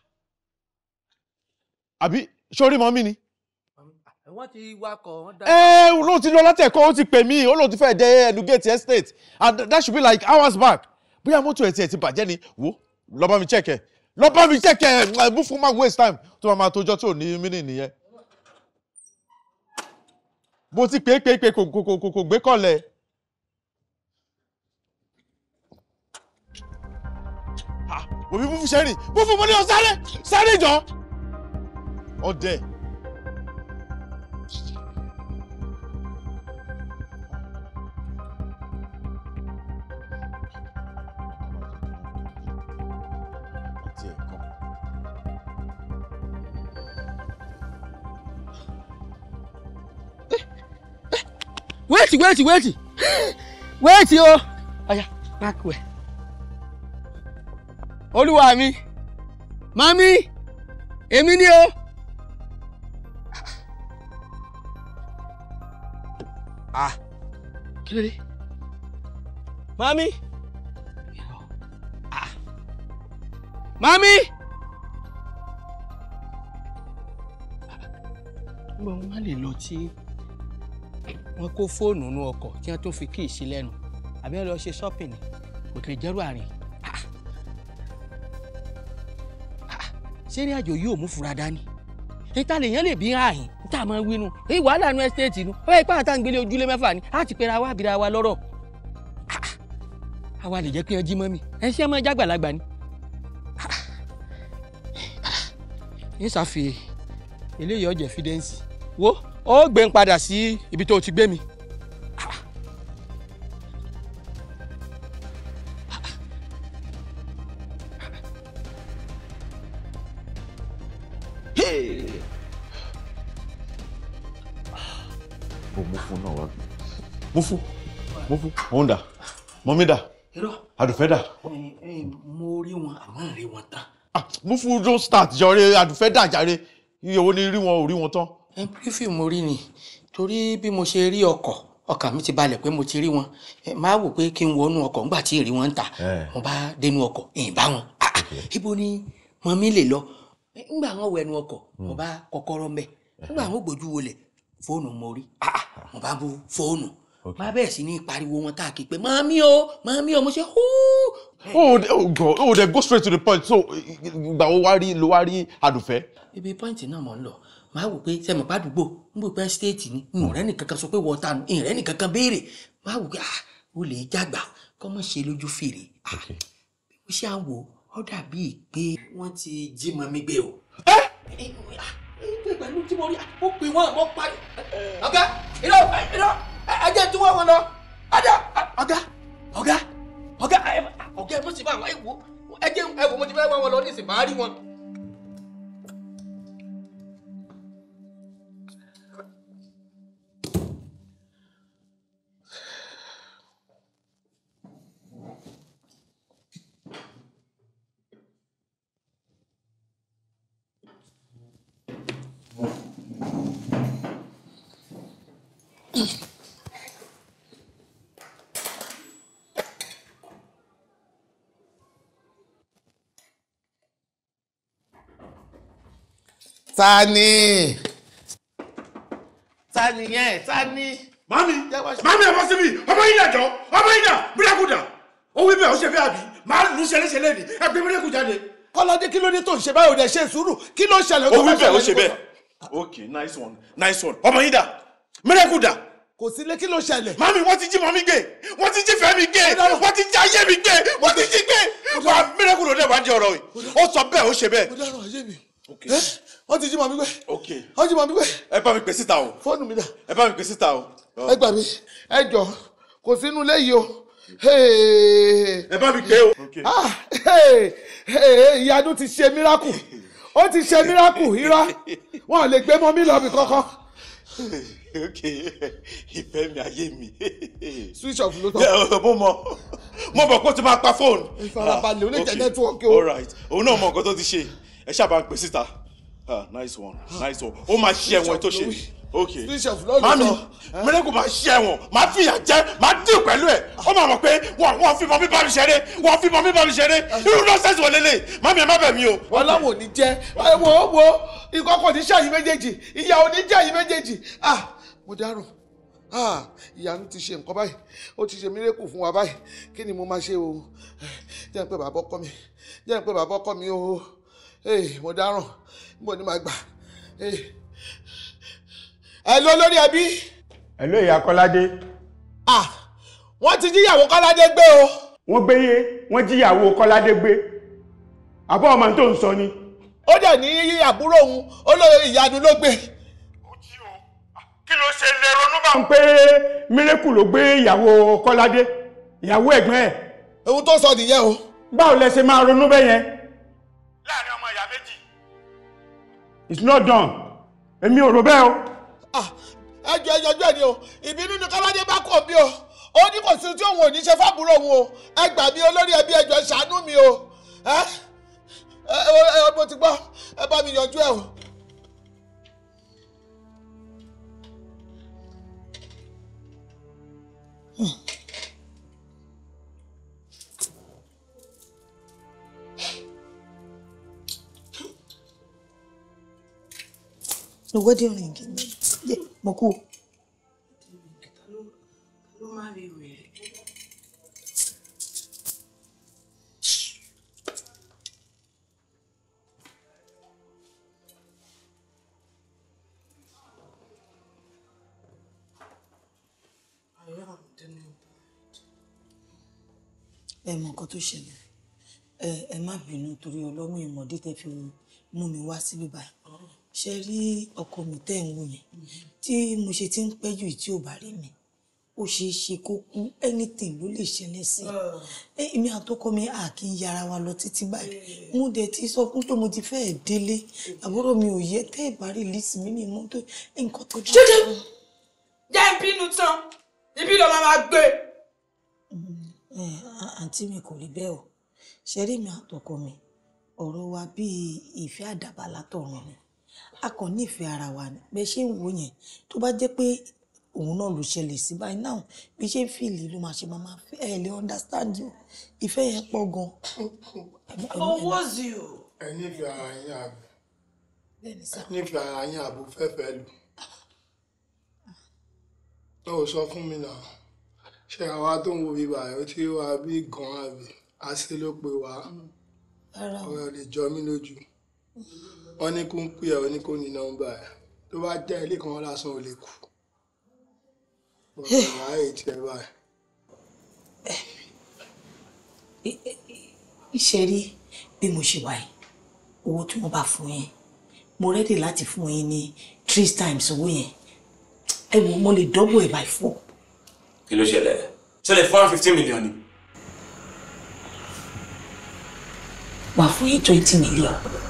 àbí sórí mọ́ mi ni. wọ́n ti wakọ̀ wọ́n dá. ẹ ló ti lọ látẹ̀kọ́ ó ti pè mí ó lòun ti fẹ́ dé Ẹnugate estate and that should be like hours back bóyá mọ́tò ẹ̀ tiẹ̀ ti bàjẹ́ ni wo lọ bá mi chẹ́kẹ̀ lọ bá mi chẹ́kẹ̀ mú fún máa waste time tó máa máa tójọ́ tí ò ní mínì nìyẹn. mo ti pè é pè é pè é kò gbé kọ́lẹ̀. òbí bú fún sẹ́rìn bú fún mo ní o sáré sáré jọ ọdẹ. wéètì wéètì wéètì wéètì o ọ̀yà báàkì wẹ̀ olúwa mi mami èmi ni o. ah kí ló dé. mami. ah mami. gbọ́n má lè lọ tí wọ́n kó fóònù nínú ọkọ̀ tí wọ́n tún fi kíì sí lẹ́nu àbí wọ́n lọ ṣe ṣọ́pìnì kò lè jẹ́rú àárín. sẹ́rí àjò yóò mú fura dání ìta lèèyàn lè bí ààyè níta máa wínú èyí wàhálà nu ẹ́sítéètì nu ọ̀rẹ́ ipá àtà ń gbélé ojúlé mẹ́fà ni á ti pera wá àbíra wa lọ́rọ̀ ah, ah. àwa lè jẹ́ pé ẹ jí mọ́ mi ẹ ṣe máa jágbàlagbà ni. ń ah, eléyìí ọjà fídẹ́ǹsì wo ó gbé ń padà sí ibi tó ti gbé mi. bọ̀ mú fún náà wá gbé mú fún mú fún òun dà mọ́mí dà àdùfẹ́ dà. mo rí wọn àmọ́ rí wọn tán. Ah, mú fún don't start jọre àdùfẹ́ dà jàre iye owó ni rí wọn ò rí wọn tán. ẹ mo rí ni torí bí mo ṣe rí ọkọ̀ ọkàn mi ti balẹ̀ pé mo ti rí wọn máa wò pé kí n wọnú ọkọ̀ ńgbà tí èrè wọn ń ta mo bá dénú ọkọ̀ ẹ̀yìn bá wọn ah, ah, ibo ni mọ̀mí lè lọ ńgbà wọn wẹnu ọkọ̀ mo hmm. bá kọ́kọ́rọ́ mbẹ́ ńgbà wọn gbójú wọlé fóònù mo rí ah, ah, mo bá bu fóònù má bẹ́ẹ̀ sí ní pariwo wọn káàkiri pé màmí o màmí o mo ṣe húú. o de go straight to the point so ìgbà wo wá rí ló wá rí àdùfẹ́. ibi pọ́ìntì náà mò ń lọ máa wò pé sẹ́mi pàdúgbò ń bò pé stéètì ni ìrẹ́ nìkan kan sọ pé wọ́n tanu ìrẹ́ nìkan kan béèrè máa wò pé ah, o lè jágbà kọ́ mọ̀ ṣe lójú fèrè. bí mo ṣe à ń wò ó dàbí pé wọ́n ti jí mọ́ mi gbé o ìjọ pẹ̀lú tí mo rí mo pè wọ́n mo parí. ọ̀gá iná iná ajẹ́ tí wọ́n wọn lọ ada ọ̀gá ọ̀gá ọ̀gá ọ̀gá ẹ̀ mọ̀ sí bá àwọn ẹ̀wò ẹ̀jẹ̀ ẹ̀wò mo ti fẹ́ wọ́n lọ ní ìsìn máa rí wọn. Sani. Sani yẹn, Sani. Mami, mami ẹ bọ́ síbi, ọmọ yín dàjọ́, ọmọ yín dà, bíláàkù dà. Ó wí bẹ́ẹ̀ ó ṣe fẹ́ àbí, màá lù ú ṣẹlẹ́ṣẹlẹ́ ni, ẹ gbé bíláàkù jáde. Kọ́ládé kí ló dé tó ń ṣe báyìí ò dẹ̀ ṣe sùúrù, kí ló ń ṣẹlẹ̀? Ó wí bẹ́ẹ̀ ó ṣe bẹ́ẹ̀. Ok, nice one, nice one. Ọmọ yín dà, bíláàkù dà kò sí lé kí ló ṣẹlẹ̀. mami wọ́n ti jí mọ́mí gbé wọ́n ti jí fẹ́mi gbé wọ́n ti jí ayé mi gbé wọ́n ti jí gbé wà mírẹ́kù ló dé wá di ọ̀rọ̀ yìí ó sọ bẹ́ẹ̀ Eh, wọ́n ti jí màmí gbé wọ́n jí màmí gbé. ẹ bá mi pè síta o. fóònù mi dà. ẹ bá mi pè síta o. ẹ gbà mí ẹ jọ kò sínú léyìí o. ẹ bá mi pè o. Ah, ìyanu ti ṣe miracle ó ti ṣe miracle irọ́ wọn ò lè gbé mọ́ mi lọ́bì kankan. ok ìfẹ́ mi ayé mi. switch off ló tọ́. mo mọ mo bọ̀ kó o ti máa pa fóònù. ìfarabalẹ̀ ó lè ah, jẹ́ nẹ́tíwọ́ọ̀kì o. all right òun náà mọ nǹkan tó ti ṣe ẹ ṣàbà ń pè síta nice one nice one ó máa ṣe ẹ̀wọ̀n tó ṣe okay mami mẹlẹkùn máa ṣe ẹ̀wọ̀n máa fìyà jẹ máa dín pẹ̀lú ẹ ó máa mọ̀ pé wọn wọn fi mọmí bá mi ṣeré wọn fi mọmí bá mi ṣeré irú nọ́ọ̀sẹ̀sì wọlé lè mami ẹ má bẹ̀ mí o. ọlọ́wọ́ ní jẹ́ wo wo ikọ́ kò ní ṣàyí méjèèjì ìyá ò ní jẹ́ àyí méjèèjì ah mo dárò ah ìyanu ti ṣe nǹkan báyìí ó ti ṣe mírèkù fún wa báyìí kí ni mo máa ṣe o eh, jẹ́ ń pé bàbá ọkọ mi jẹ́ ń pé bàbá ọkọ mi o mo dáràn mo ní máa gbà. ẹ ló lórí ẹbí. ẹ ló ìyá kọ́ládé. Ah, wọ́n ti jíyàwó kọ́ládé gbé o. wọ́n gbé yé wọ́n jíyàwó kọ́ládé gbé àbọ̀ ọmọ tó ń sọ ni. ó dẹ̀ ní àbúrò òun ó lọ ìyanu ló gbé. Ah, kí ló ṣe lè ronú bá. wọ́n pé mírèkù ló gbé ìyàwó kọ́ládé ìyàwó ẹ̀gbọ́n ẹ̀. ohun tó sọ nìyẹn o. báwo lẹ ṣe máa ronú bẹ́yẹn. it's not done èmi ò rò bẹ́ẹ̀ o. ẹjọ ẹjọ ẹjọ ẹni o ìbínú ni kọ́ládé bá kọ̀ bí o ó ní kò sí tí òun ò ní ṣe fábùrò òun o ẹ gbà mí olórí ẹbí ẹjọ ṣàánú mi o ẹ ẹ mo ti gbọ́ ẹ bá mi yanjú ẹ o. the wedding ring yẹ mo kú. ẹ mọ nǹkan tó ṣẹlẹ̀ ẹ má bínú torí ọlọ́run ìmọ̀dé tẹ fi mú mi wá síbí báyìí ṣe rí ọkọ mi tẹ́ ń wò yẹn tí mo ṣe ti ń pẹ́ jù tí ò bá rí mi ó ṣe é ṣe kó kú anything ló lè ṣẹlẹ̀ sí i ah. èmi àtọkọ mi à kì í yára wa lọ títí báyìí eh. mo dẹ̀ ti sọ fún pé mo ti fẹ́ délé àbúrò mi ò yẹ tẹ́ ẹ̀ bá rí lísì mi ní mọ́tò nǹkan tó dáa. jíjẹ jẹ́ ìbínú tán ibi ló máa gbé. Mm-hmm. Eh, àǹtí mi kò rí bẹ́ẹ̀ o ṣe rí mi àtọkọ mi ọ̀rọ̀ wa bíi ìfẹ́ àdàbà látọ̀run ni a kàn nífẹ̀ẹ́ ara wa ni bẹ́ẹ̀ ṣe ń wò yẹn tó bá jẹ́ pé òun náà ló ṣẹlẹ̀ sí báyìí náà bí ṣe ń fìlì ló máa ṣe máa máa fẹ́ ẹ lè understand o ìfẹ́ yẹn pọ̀ gan. owó zi o. ẹ nífẹ̀ẹ́ ara yín àbò ẹ nífẹ̀ẹ́ ara yín àbò fẹ́fẹ́ lù ó sọ fún mi náà ṣe àwa tó ń wo bíbá ẹ tí wà bí gan àbí àṣẹ ló pe wá ọ̀rọ̀ lè jọ mí lójú wọ́n ní kó ń pè ẹ́ wọ́n ní kó ní nọ́mbà ẹ̀ tó bá já ilé kan wọn lásán ò lè kú. iṣẹ́ rí bí mo ṣe wà yìí owó tí wọ́n bá fún yín mo rẹ́dì láti fún yín ní three times owó yẹn ẹ wò mo lè double ẹ̀ by four. kí ló ṣẹlẹ̀ ṣẹlẹ̀ four hundred fifteen million ni. wà fún yín twenty million.